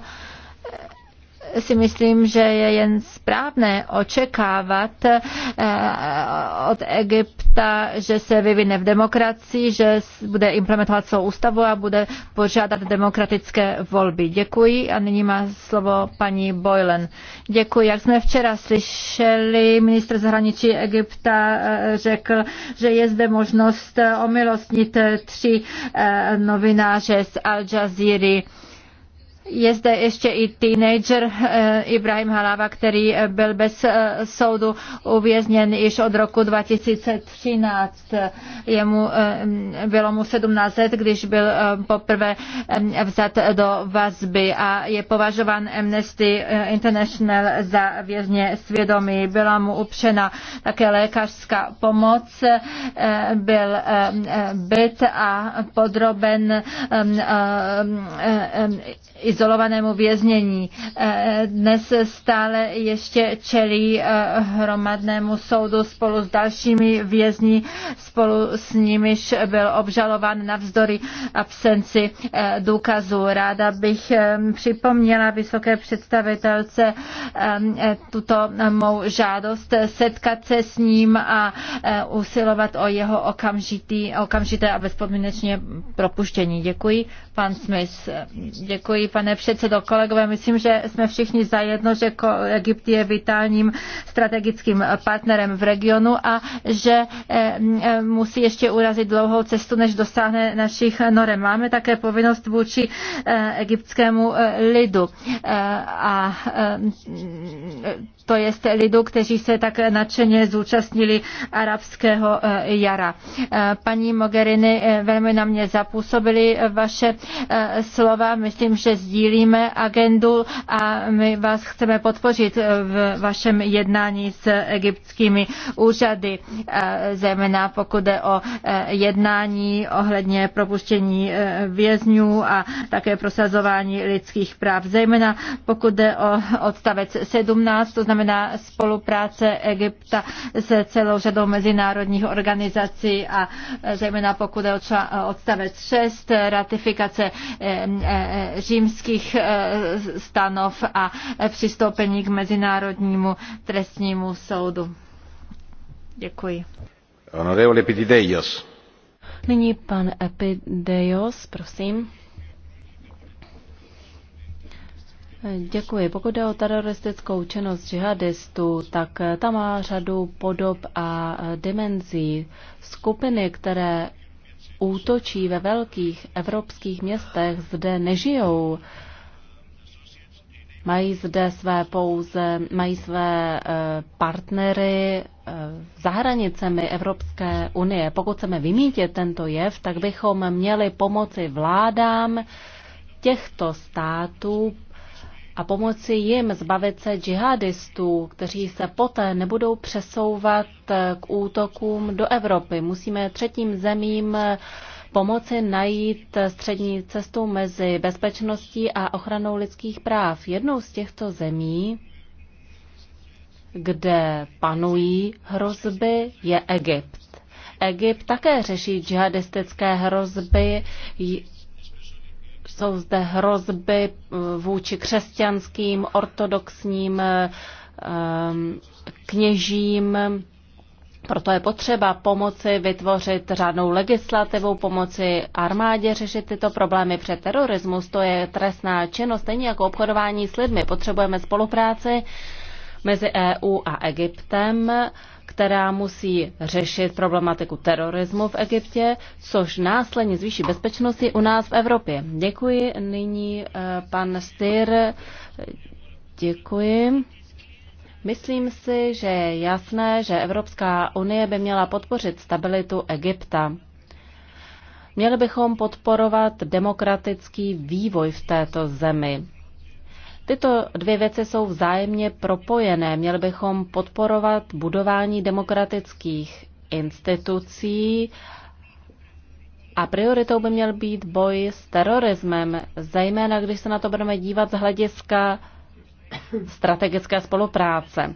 si myslím, že je jen správné očekávat eh, od Egypta, že se vyvine v demokracii, že bude implementovat svou ústavu a bude požádat demokratické volby. Děkuji a nyní má slovo paní Boylen. Děkuji. Jak jsme včera slyšeli, ministr zahraničí Egypta eh, řekl, že je zde možnost omilostnit tři eh, novináře z Al Jazeera je zde ještě i teenager eh, Ibrahim Halava, který eh, byl bez eh, soudu uvězněn již od roku 2013. Jemu bylo mu 17 let, když byl poprvé vzat do vazby a je považován Amnesty International za vězně svědomí. Byla mu upřena také lékařská pomoc, byl byt a podroben izolovanému věznění. Eh, dnes stále ještě čelí eh, hromadnému soudu spolu s dalšími vězni, spolu s nimiž byl obžalovan navzdory absenci eh, důkazů. Ráda bych připomněla vysoké představitelce tuto mou žádost setkat se s ním a usilovat o jeho okamžitý, okamžité a bezpodmínečně propuštění. Děkuji, pan Smith. Děkuji, pane pane předsedo, kolegové, myslím, že jsme všichni zajedno, že Egypt je vitálním strategickým partnerem v regionu a že eh, eh, musí ještě urazit dlouhou cestu, než dosáhne našich norem. Máme také povinnost vůči eh, egyptskému lidu a to jest lidu, kteří se tak nadšeně zúčastnili arabského eh, jara. Eh, paní Mogherini, eh, velmi na mě zapůsobili vaše slova. Myslím, že sdílíme agendu a my vás chceme podpořit v vašem jednání s egyptskými úřady, zejména pokud jde o jednání ohledně propuštění vězňů a také prosazování lidských práv, zejména pokud jde o odstavec 17, to znamená znamená spolupráce Egypta se celou řadou mezinárodních organizací a zejména pokud je eh, odstavec 6, ratifikace eh, eh, římských stanov a přistoupení k Mezinárodnímu trestnímu soudu. Děkuji. Honorevole Epidideios. Nyní pan Epidejos, prosím. Děkuji. Pokud jde o teroristickou činnost džihadistů, tak ta má řadu podob a dimenzí. Skupiny, které útočí ve velkých evropských městech, zde nežijou. Mají zde své pouze, mají své eh, partnery eh, za hranicemi Evropské unie. Pokud chceme vymítit tento jev, tak bychom měli pomoci vládám těchto států a pomoci jim zbavit se džihadistů, kteří se poté nebudou přesouvat k útokům do Evropy. Musíme třetím zemím pomoci najít střední cestu mezi bezpečností a ochranou lidských práv. Jednou z těchto zemí, kde panují hrozby, je Egypt. Egypt také řeší džihadistické hrozby, jsou zde hrozby eh, vůči křesťanským, ortodoxním eh, kněžím. Proto je potřeba pomoci vytvořit řádnou legislativu, pomoci armádě řešit tyto problémy před terorismus. To je trestná činnost, stejně jako obchodování s lidmi. Potřebujeme spolupráci mezi EU a Egyptem která musí řešit problematiku terorismu v Egyptě, což následně zvýší bezpečnosti u nás v Evropě. Děkuji. Nyní eh, pan Styr. Děkuji. Myslím si, že je jasné, že Evropská unie by měla podpořit stabilitu Egypta. Měli bychom podporovat demokratický vývoj v této zemi. Tyto dvě věci jsou vzájemně propojené. Měli bychom podporovat budování demokratických institucí a prioritou by měl být boj s terorismem, zejména když se na to budeme dívat z hlediska strategické spolupráce.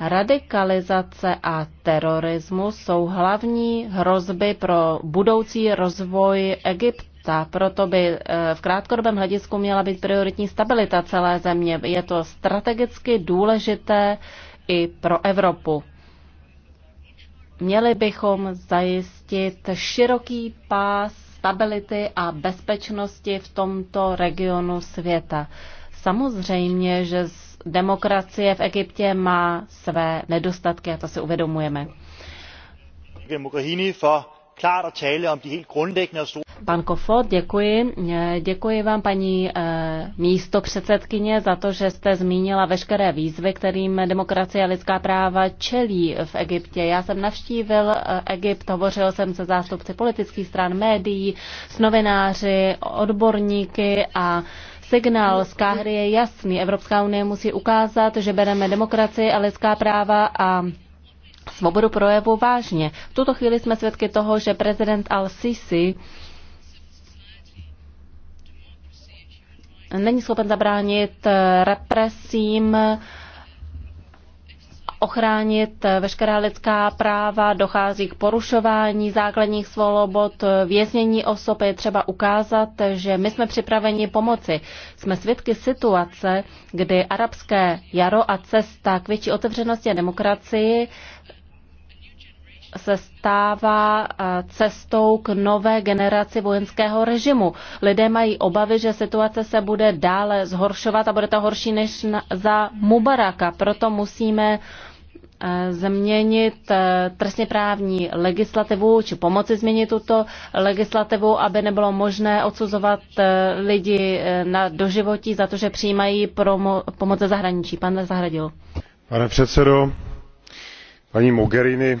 Radikalizace a terorismus jsou hlavní hrozby pro budoucí rozvoj Egypta. Ta Proto by eh, v krátkodobém hledisku měla být prioritní stabilita celé země. Je to strategicky důležité i pro Evropu. Měli bychom zajistit široký pás stability a bezpečnosti v tomto regionu světa. Samozřejmě, že demokracie v Egyptě má své nedostatky a to si uvědomujeme. Pan Kofo, děkuji. Eh, děkuji vám, paní eh, místo předsedkyně, za to, že jste zmínila veškeré výzvy, kterým demokracie a lidská práva čelí v Egyptě. Já jsem navštívil eh, Egypt, hovořil jsem se zástupci politických stran, médií, s novináři, odborníky a signál z Káhry je jasný. Evropská unie musí ukázat, že bereme demokracii a lidská práva a svobodu projevu vážně. V tuto chvíli jsme svědky toho, že prezident al-Sisi není schopen zabránit represím, ochránit veškerá lidská práva, dochází k porušování základních svobod, věznění osob je třeba ukázat, že my jsme připraveni pomoci. Jsme svědky situace, kdy arabské jaro a cesta k větší otevřenosti a demokracii se stává eh, cestou k nové generaci vojenského režimu. Lidé mají obavy, že situace se bude dále zhoršovat a bude to horší než za Mubaraka. Proto musíme eh, změnit eh, trestně právní legislativu, či pomoci změnit tuto legislativu, aby nebylo možné odsuzovat lidi na doživotí za to, že přijímají pomoc ze zahraničí. Pan Zahradil. Pane předsedo, paní Mogherini,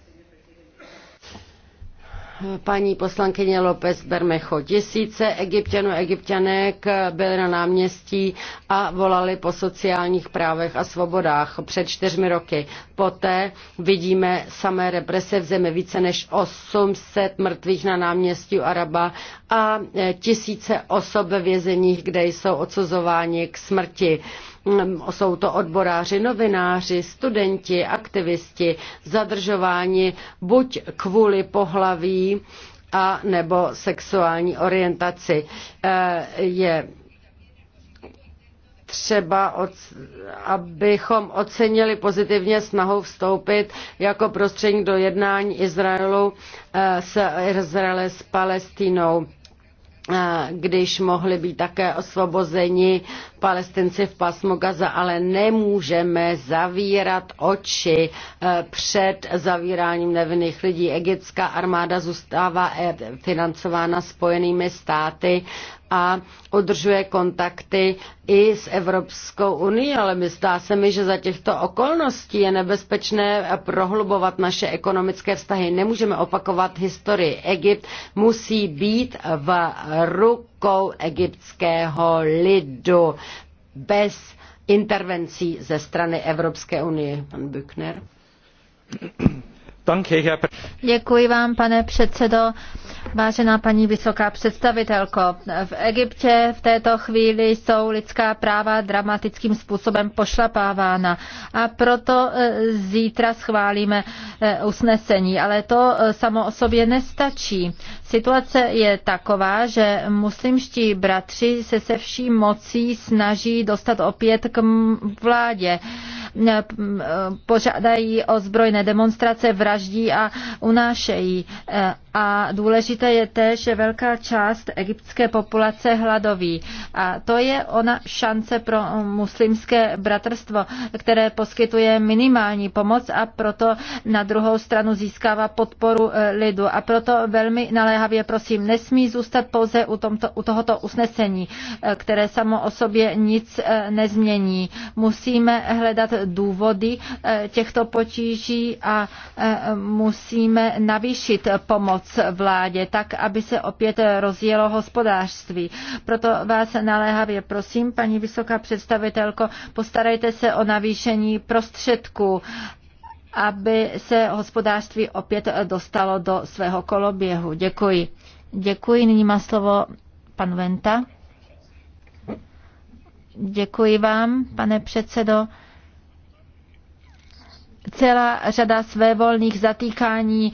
paní poslankyně López Bermecho. Tisíce egyptěnů, egyptěnek byly na náměstí a volali po sociálních právech a svobodách před čtyřmi roky. Poté vidíme samé represe v zemi, více než 800 mrtvých na náměstí Araba a tisíce osob ve vězeních, kde jsou odsuzováni k smrti jsou to odboráři, novináři, studenti, aktivisti, zadržováni buď kvůli pohlaví, a nebo sexuální orientaci. E, je třeba, abychom ocenili pozitivně snahu vstoupit jako prostředník do jednání Izraelu e, s Izraele s Palestínou e, když mohli být také osvobozeni palestinci v pásmu Gaza, ale nemůžeme zavírat oči eh, před zavíráním nevinných lidí. Egyptská armáda zůstává eh, financována spojenými státy a udržuje kontakty i s Evropskou unii, ale my zdá se mi, že za těchto okolností je nebezpečné prohlubovat naše ekonomické vztahy. Nemůžeme opakovat historii. Egypt musí být v rukou rukou egyptského lidu bez intervencí ze strany Evropské unie. Pan Bückner. Děkuji vám, pane předsedo. Vážená paní vysoká představitelko, v Egyptě v této chvíli jsou lidská práva dramatickým způsobem pošlapávána a proto e, zítra schválíme e, usnesení, ale to e, samo o sobě nestačí. Situace je taková, že muslimští bratři se se vším mocí snaží dostat opět k vládě pořádají ozbrojené demonstrace, vraždí a unášejí. A důležité je též, že velká část egyptské populace hladoví. A to je ona šance pro muslimské bratrstvo, které poskytuje minimální pomoc a proto na druhou stranu získává podporu eh, lidu. A proto velmi naléhavě prosím, nesmí zůstat pouze u, tomto, u tohoto usnesení, eh, které samo o sobě nic eh, nezmění. Musíme hledat důvody těchto potíží a musíme navýšit pomoc pomoc vládě, tak aby se opět rozjelo hospodářství. Proto vás naléhavě prosím, paní vysoká představitelko, postarejte se o navýšení prostředků aby se hospodářství opět dostalo do svého koloběhu. Děkuji. Děkuji. Nyní má slovo pan Venta. Děkuji vám, pane předsedo celá řada svévolných zatýkání,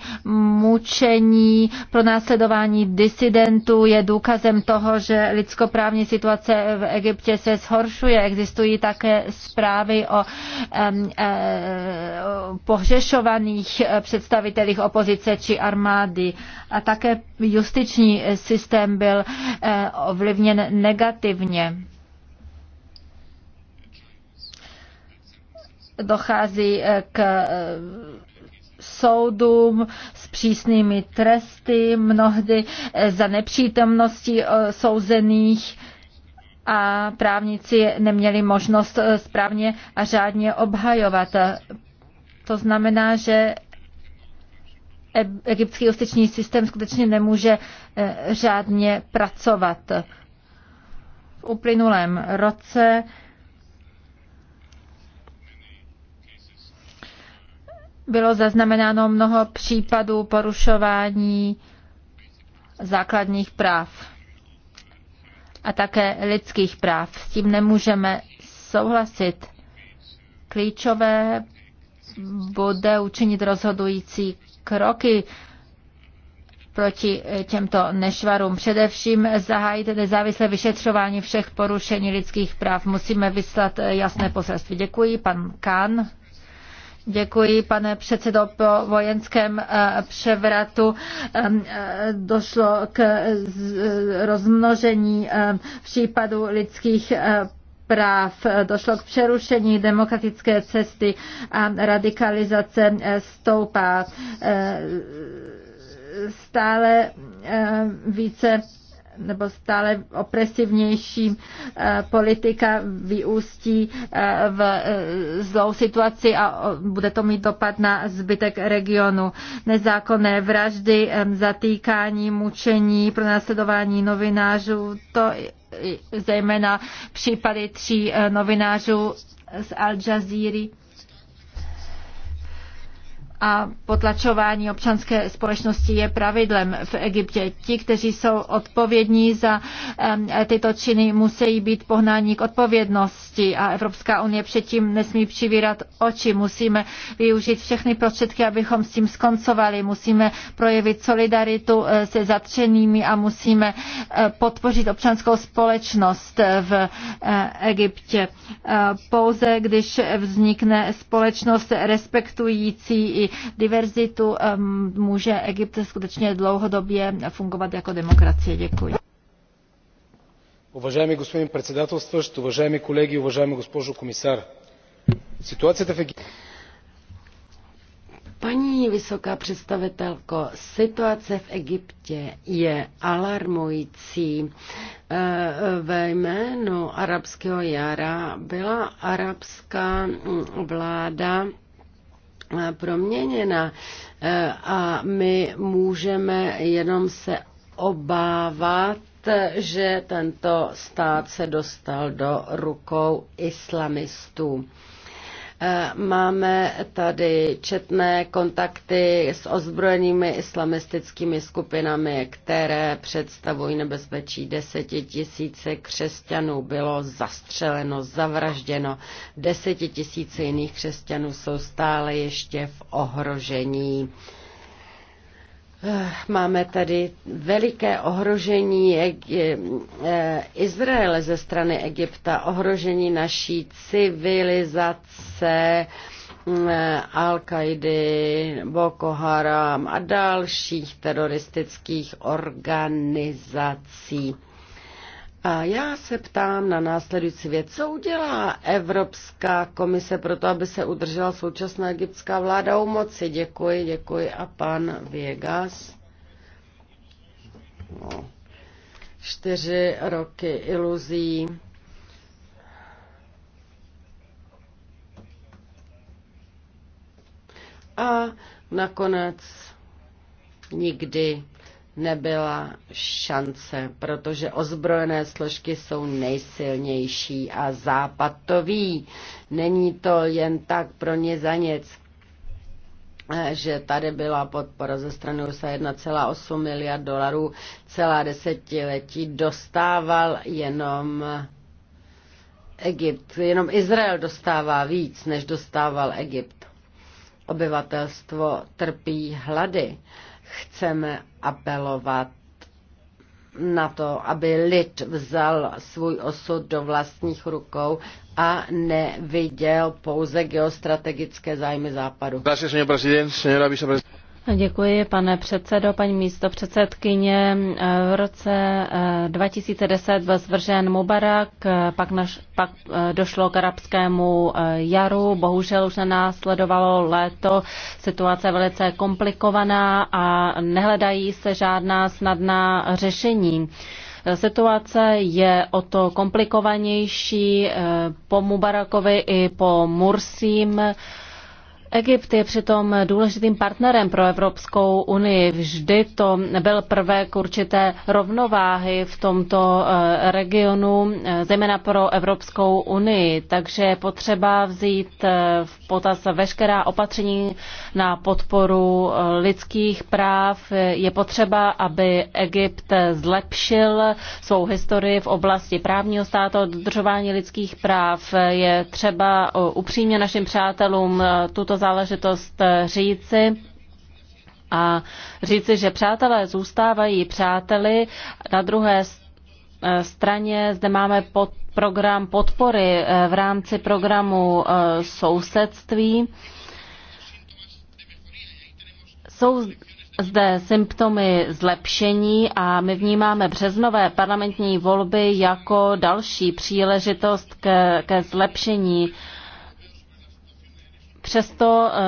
mučení, pronásledování disidentů je důkazem toho, že lidskoprávní situace v Egyptě se zhoršuje. Existují také zprávy o um, uh, pohřešovaných představitelích opozice či armády. A také justiční systém byl uh, ovlivněn negativně. dochází eh, k eh, soudům s přísnými tresty, mnohdy eh, za nepřítomnosti souzených a právníci neměli možnost správně a řádně obhajovat. To znamená, že egyptský justiční systém skutečně nemůže řádně pracovat. V uplynulém roce bylo zaznamenáno mnoho případů porušování základních práv a také lidských práv. S tím nemůžeme souhlasit. Klíčové bude učinit rozhodující kroky proti těmto nešvarům. Především zahájit nezávislé vyšetřování všech porušení lidských práv. Musíme vyslat jasné poselství. Děkuji, pan Kán. Děkuji, pane předsedo. Po vojenském eh, převratu eh, eh, došlo k rozmnožení případů lidských práv, došlo k přerušení demokratické cesty a radikalizace stoupá. Stále více nebo stále opresivnější eh, politika vyústí eh, v eh, zlou situaci a bude to mít dopad na zbytek regionu. Nezákonné vraždy, zatýkání, mučení, pronásledování novinářů, to zejména případy tří novinářů z Al Jazeera a potlačování občanské společnosti je pravidlem v Egyptě. Ti, kteří jsou odpovědní za tyto činy, musí být pohnáni k odpovědnosti a Evropská unie předtím nesmí přivírat oči. Musíme využít všechny prostředky, abychom s tím skoncovali. Musíme projevit solidaritu eh, se zatřenými a musíme eh, podpořit občanskou společnost eh, v Egyptě. Pouze když vznikne společnost respektující i diverzitu, může Egypt skutečně dlouhodobě fungovat jako demokracie. Děkuji. Уважаеми господин председателстващ, уважаеми колеги, уважаема госпожо комисар. Ситуацията в Египет... Paní vysoká představitelko, situace v Egyptě je alarmující. E, ve jménu arabského jara byla arabská vláda Eh, proměněna eh, a my můžeme jenom se obávat, že tento stát se dostal do rukou islamistů. Eh, máme tady četné kontakty s ozbrojenými islamistickými skupinami, které představují nebezpečí desetitisíce křesťanů. Bylo zastřeleno, zavražděno. Desetitisíce jiných křesťanů jsou stále ještě v ohrožení. Eh, máme tady veliké ohrožení eh, eh, Izraele ze strany Egypta, ohrožení naší civilizace, mm, al Qaeda, Boko Haram a dalších teroristických organizací. A já se ptám na následující věc. Co udělá Evropská komise pro to, aby se udržela současná egyptská vláda u moci? Děkuji, děkuji. A pan Viegas? No. Čtyři roky iluzí. A nakonec nikdy nebyla šance, protože ozbrojené složky jsou nejsilnější a Západ to ví. Není to jen tak pro ně za nic že tady byla podpora ze strany USA 1,8 miliard dolarů celá desetiletí dostával jenom Egypt. Jenom Izrael dostává víc, než dostával Egypt. Obyvatelstvo trpí hlady Chceme apelovat na to, aby lid vzal svůj osud do vlastních rukou a neviděl pouze geostrategické zájmy západu. Gracias, señor presidente, señora viceprezidenta. Děkuji, pane předsedo, paní místo předsedkyně. V roce 2010 eh, byl zvržen Mubarak, eh, pak, naš, pak eh, došlo k arabskému jaru, bohužel už následovalo léto, situace je velice komplikovaná a nehledají se žádná snadná řešení. Situace je o to komplikovanější po Mubarakovi i po Mursím Egypt je přitom důležitým partnerem pro Evropskou unii. Vždy to byl prvek určité rovnováhy v tomto eh, regionu, eh, zejména pro Evropskou unii. Takže je potřeba vzít eh, v potaz veškerá opatření na podporu lidských práv. Je potřeba, aby Egypt zlepšil svou historii v oblasti právního státu, dodržování lidských práv. Je třeba upřímně našim přátelům tuto záležitost eh, říci. A říci, že přátelé zůstávají přáteli, na druhé eh, straně zde máme pod program podpory eh, v rámci programu sousedství. Jsou zde symptomy zlepšení a my vnímáme březnové parlamentní volby jako další příležitost ke, ke zlepšení Přesto eh,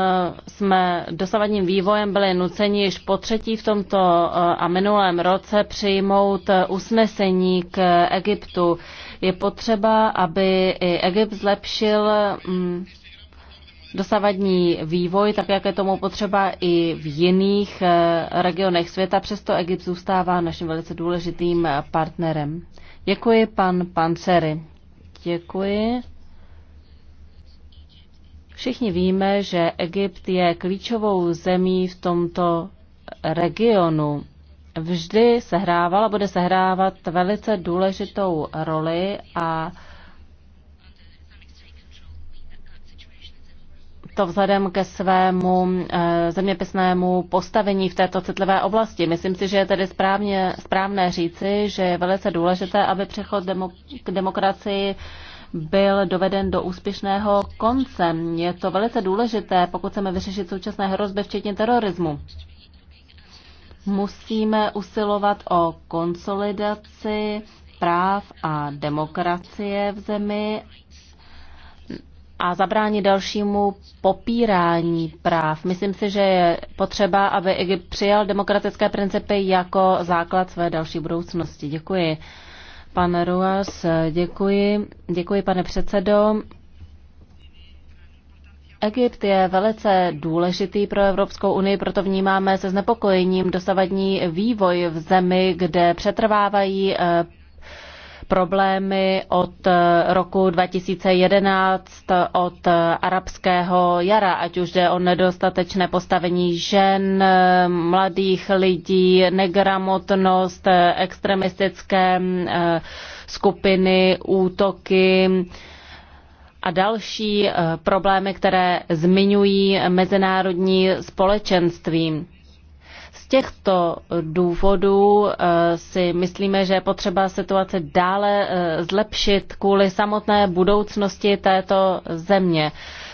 jsme dosavadním vývojem byli nuceni již po třetí v tomto eh, a minulém roce přijmout eh, usnesení k Egyptu. Je potřeba, aby i Egypt zlepšil mm, dosavadní vývoj, tak jak je tomu potřeba i v jiných regionech světa. Přesto Egypt zůstává naším velice důležitým partnerem. Děkuji, pan Panceri. Děkuji. Všichni víme, že Egypt je klíčovou zemí v tomto regionu. Vždy se hrávala, bude sehrávat velice důležitou roli a to vzhledem ke svému eh, zeměpisnému postavení v této citlivé oblasti. Myslím si, že je tedy správně, správné říci, že je velice důležité, aby přechod demo, k demokracii byl doveden do úspěšného konce. Je to velice důležité, pokud chceme vyřešit současné hrozby, včetně terorismu. Musíme usilovat o konsolidaci práv a demokracie v zemi a zabránit dalšímu popírání práv. Myslím si, že je potřeba, aby Egypt přijal demokratické principy jako základ své další budoucnosti. Děkuji. Pan Ruas, děkuji. Děkuji, pane předsedo. Egypt je velice důležitý pro Evropskou unii, proto vnímáme se znepokojením dosavadní vývoj v zemi, kde přetrvávají eh, problémy od eh, roku 2011, od eh, arabského jara, ať už jde o nedostatečné postavení žen, eh, mladých lidí, negramotnost, extremistické mm, skupiny, útoky a další problémy, které zmiňují mezinárodní společenství těchto důvodů eh, si myslíme, že je potřeba situace dále eh, zlepšit kvůli samotné budoucnosti této země.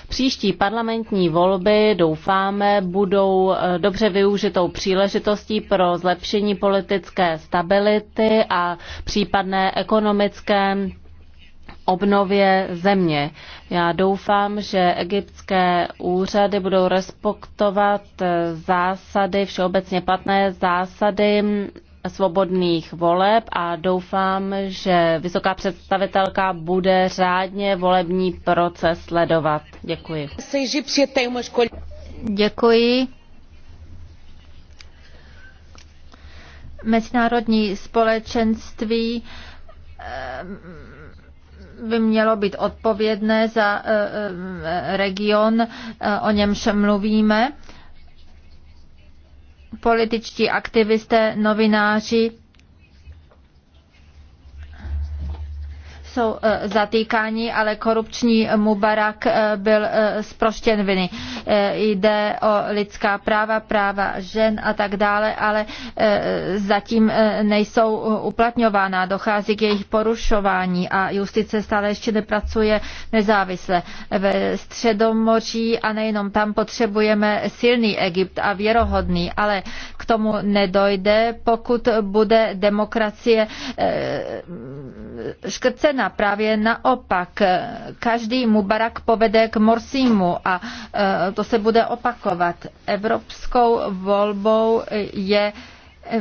Příští parlamentní volby, doufáme, budou eh, dobře využitou příležitostí pro zlepšení politické stability a případné ekonomické obnově země. Já doufám, že egyptské úřady budou respektovat zásady, všeobecně platné zásady svobodných voleb a doufám, že vysoká představitelka bude řádně volební proces sledovat. Děkuji. Děkuji. Mezinárodní společenství by mělo být odpovědné za eh, eh, region, eh, o němž mluvíme. Političtí aktivisté, novináři, jsou eh, zatýkáni, ale korupční Mubarak eh, byl eh, zproštěn viny. Jde o lidská práva, práva žen a tak dále, ale zatím nejsou uplatňována, dochází k jejich porušování a justice stále ještě nepracuje nezávisle. Ve Středomoří a nejenom tam potřebujeme silný Egypt a věrohodný, ale k tomu nedojde, pokud bude demokracie škrcena žádná, právě naopak. Každý Mubarak povede k Morsimu a e, to se bude opakovat. Evropskou volbou je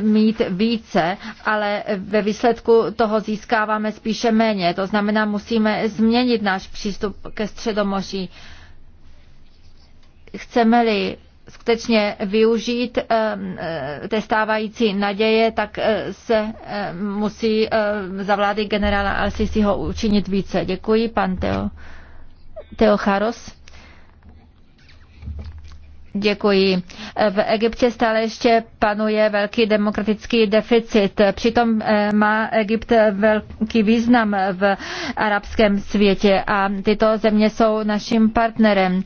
mít více, ale ve výsledku toho získáváme spíše méně. To znamená, musíme změnit náš přístup ke středomoří. Chceme-li skutečně využít eh, eh, té stávající naděje, tak eh, se musí za vlády generála Al-Sisiho učinit více. Děkuji, pan Teo, Teo Charos. Děkuji. V Egyptě stále ještě panuje velký demokratický deficit. Přitom eh, má Egypt velký význam v arabském světě a tyto země jsou naším partnerem.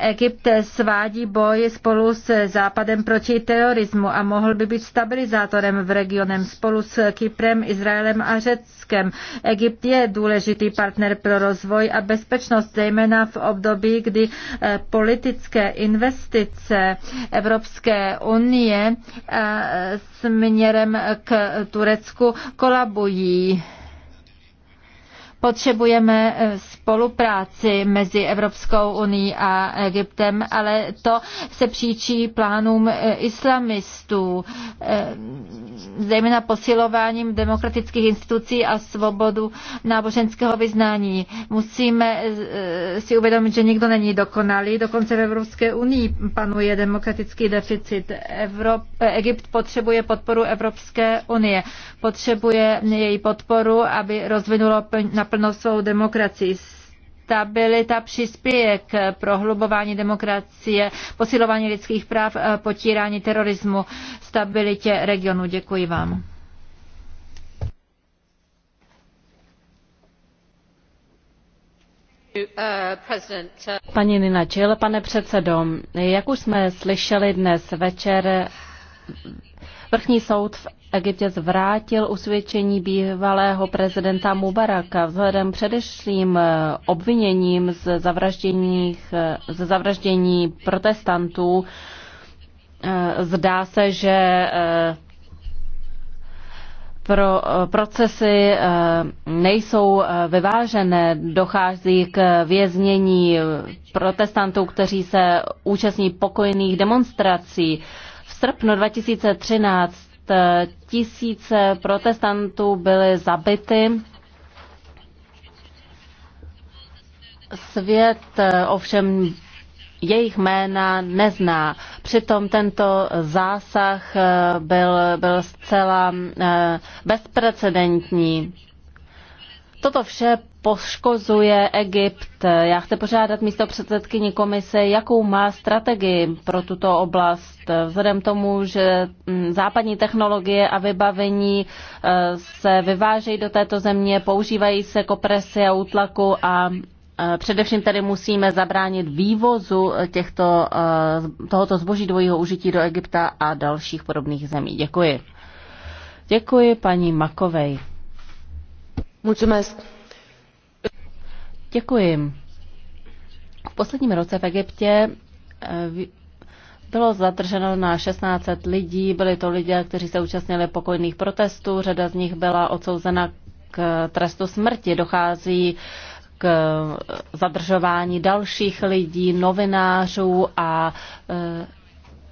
Egypt svádí boj spolu s Západem proti terorismu a mohl by být stabilizátorem v regionem spolu s Kyprem, Izraelem a Řeckem. Egypt je důležitý partner pro rozvoj a bezpečnost, zejména v období, kdy eh, politické investice pozice Evropské unie eh, směrem k Turecku kolabují. Potřebujeme eh, spolupráci mezi Evropskou unii a Egyptem, ale to se příčí plánům eh, islamistů, eh, zejména posilováním demokratických institucí a svobodu náboženského vyznání. Musíme si uvědomit, že nikdo není dokonalý, dokonce v Evropské unii panuje demokratický deficit. Evrop, Egypt potřebuje podporu Evropské unie, potřebuje její podporu, aby rozvinulo na naplno svou demokracii stabilita přispěje k prohlubování demokracie, posilování lidských práv, eh, potírání terorismu, stabilitě regionu. Děkuji vám. Paní Nina Čil, pane předsedo, jak už jsme slyšeli dnes večer, Vrchní soud v Egyptě zvrátil usvědčení bývalého prezidenta Mubaraka vzhledem předešlým eh, obviněním z zavraždění, eh, zavraždění protestantů. Eh, zdá se, že pro procesy nejsou vyvážené, dochází k věznění protestantů, kteří se účastní pokojných demonstrací. V srpnu 2013 Eh, tisíce protestantů byly zabity. Svět eh, ovšem jejich jména nezná. Přitom tento zásah eh, byl, byl zcela bezprecedentní. Toto vše poškozuje Egypt. Já chci požádat místo předsedkyni komise, jakou má strategii pro tuto oblast, vzhledem tomu, že mm, západní technologie a vybavení e, se vyvážejí do této země, používají se k opresi a útlaku a e, Především tedy musíme zabránit vývozu těchto, e, tohoto zboží dvojího užití do Egypta a dalších podobných zemí. Děkuji. Děkuji paní Makovej. Mulțumesc Děkuji. V posledním roce v Egyptě eh, bylo zadrženo na 16 lidí, byli to lidé, kteří se účastnili pokojných protestů, řada z nich byla odsouzena k trestu smrti, dochází k zadržování dalších lidí, novinářů a eh,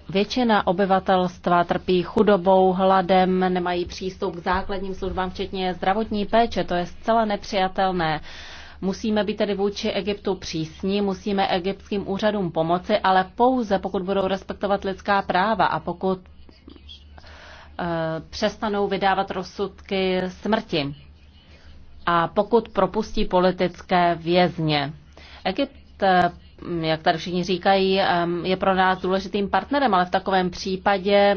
Většina obyvatelstva trpí chudobou, hladem, nemají přístup k základním službám, včetně zdravotní péče. To je zcela nepřijatelné. Musíme být tedy vůči Egyptu přísní, musíme egyptským úřadům pomoci, ale pouze pokud budou respektovat lidská práva a pokud eh, přestanou vydávat rozsudky smrti a pokud propustí politické vězně. Egypt, eh, jak tady všichni říkají, eh, je pro nás důležitým partnerem, ale v takovém případě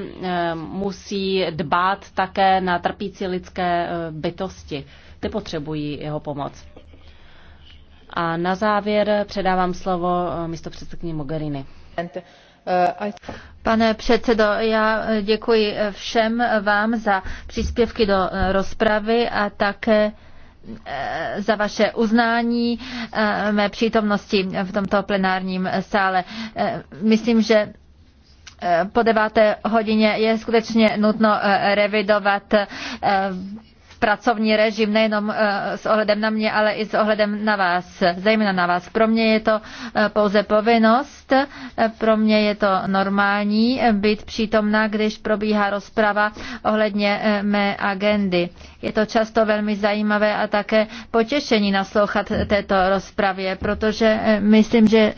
musí dbát také na trpící lidské bytosti. Ty potřebují jeho pomoc. A na závěr předávám slovo eh, místo předsedkyni Mogherini. Pane předsedo, já eh, děkuji eh, všem vám za příspěvky do rozpravy a také za vaše uznání mé přítomnosti v tomto plenárním sále. Myslím, že po deváté hodině je skutečně nutno revidovat pracovní režim nejenom eh, s ohledem na mě, ale i s ohledem na vás, zejména na vás. Pro mě je to eh, pouze povinnost, eh, pro mě je to normální být přítomná, když probíhá rozprava ohledně mé agendy. Je to často velmi zajímavé a také potěšení naslouchat této rozpravě, protože myslím, že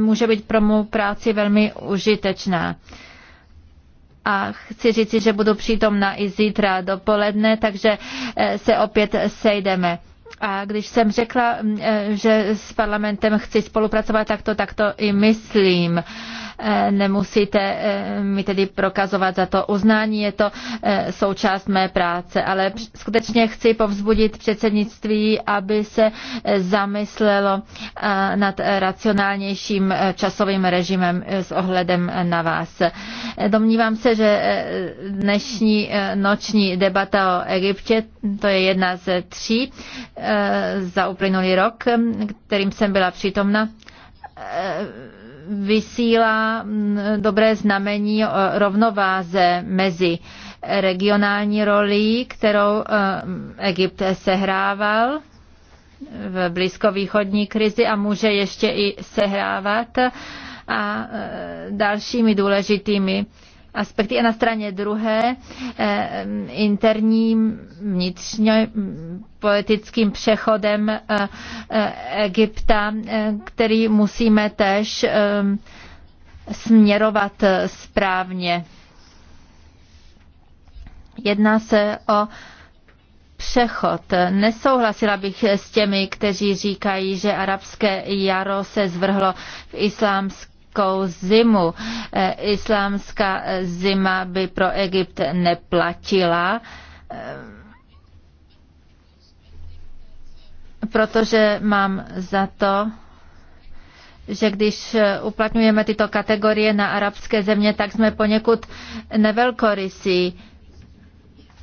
může být pro mou práci velmi užitečná a chci říci, že budu přítomna i zítra dopoledne, takže eh, se opět sejdeme. A když jsem řekla, mm, eh, že s parlamentem chci spolupracovat, tak to takto i myslím. Eh, nemusíte eh, mi tedy prokazovat za to uznání, je to eh, součást mé práce, ale skutečně chci povzbudit předsednictví, aby se zamyslelo nad racionálnějším časovým režimem s ohledem na vás. Domnívám se, že dnešní noční debata o Egyptě, to je jedna ze tří za uplynulý rok, kterým jsem byla přítomna, vysílá mm, dobré znamení e, rovnováze mezi regionální rolí, kterou e, Egypt sehrával v blízkovýchodní krizi a může ještě i sehrávat a e, dalšími důležitými aspekty a na straně druhé eh, interním vnitřně politickým přechodem eh, eh, Egypta, který musíme tež směrovat správně. Jedná se o přechod. Nesouhlasila bych s těmi, kteří říkají, že arabské jaro se zvrhlo v islámský horkou zimu. Eh, islámská zima by pro Egypt neplatila eh, protože mám za to, že když uplatňujeme tyto kategorie na arabské země, tak jsme poněkud nevelkorysí.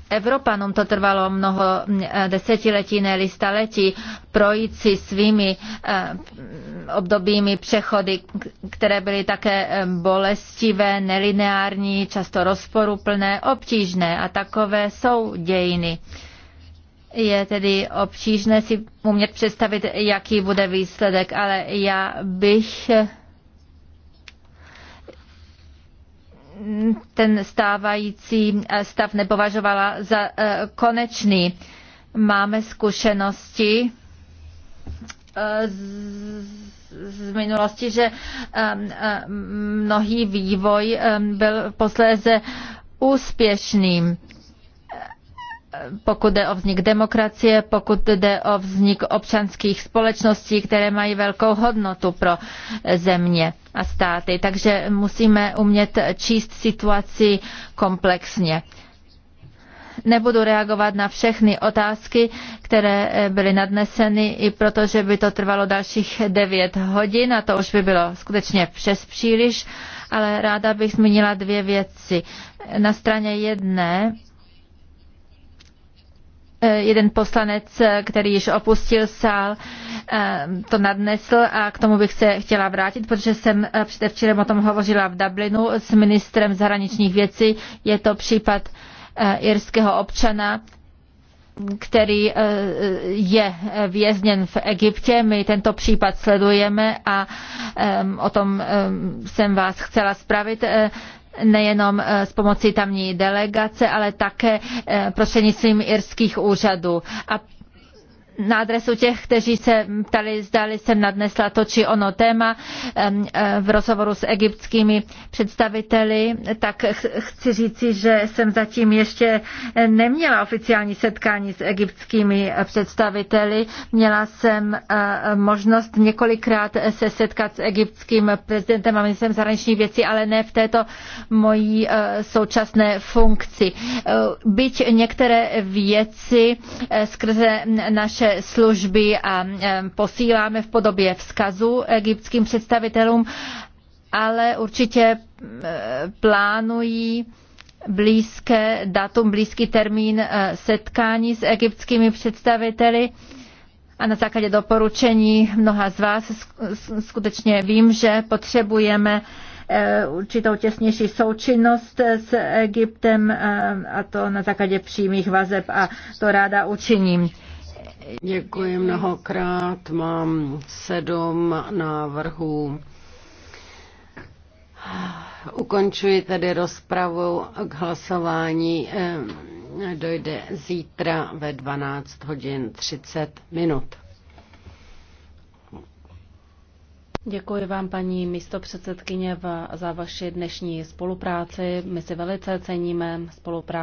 Evropanům to trvalo mnoho eh, desetiletí, ne staletí, projít si svými eh, obdobími přechody, které byly také eh, bolestivé, nelineární, často rozporuplné, obtížné a takové jsou dějiny. Je tedy obtížné si umět představit, jaký bude výsledek, ale já bych ten stávající eh, stav nepovažovala za eh, konečný. Máme zkušenosti eh, z minulosti, že mnohý vývoj byl posléze úspěšným pokud jde o vznik demokracie, pokud jde o vznik občanských společností, které mají velkou hodnotu pro země a státy. Takže musíme umět číst situaci komplexně. Nebudu reagovat na všechny otázky, které byly nadneseny, i protože by to trvalo dalších devět hodin a to už by bylo skutečně přes příliš, ale ráda bych zmínila dvě věci. Na straně jedné Eh, jeden poslanec, eh, který již opustil sál, eh, to nadnesl a k tomu bych se chtěla vrátit, protože jsem předevčírem o tom hovořila v Dublinu s ministrem zahraničních věcí. Je to případ irského občana, který je vězněn v Egyptě. My tento případ sledujeme a o tom jsem vás chcela spravit nejenom eh, s pomocí tamní delegace, ale také eh, prostřednictvím irských úřadů. A na adresu těch, kteří se ptali, zdali jsem nadnesla to či ono téma e, v rozhovoru s egyptskými představiteli, tak chci říci, že jsem zatím ještě neměla oficiální setkání s egyptskými představiteli. Měla jsem e, možnost několikrát se setkat s egyptským prezidentem a ministrem zahraničních věcí, ale ne v této mojí e, současné funkci. Byť některé věci skrze naše naše služby a e, posíláme v podobě vzkazu egyptským představitelům, ale určitě e, plánují blízké datum, blízký termín e, setkání s egyptskými představiteli a na základě doporučení mnoha z vás skutečně vím, že potřebujeme určitou těsnější součinnost s Egyptem a to na základě přímých vazeb a to ráda učiním. Děkuji mnohokrát. Mám sedm návrhů. Ukončuji tedy rozpravu k hlasování. Dojde zítra ve 12 hodin 30 minut. Děkuji vám, paní místopředsedkyně, za vaši dnešní spolupráci. My si velice ceníme spolupráci.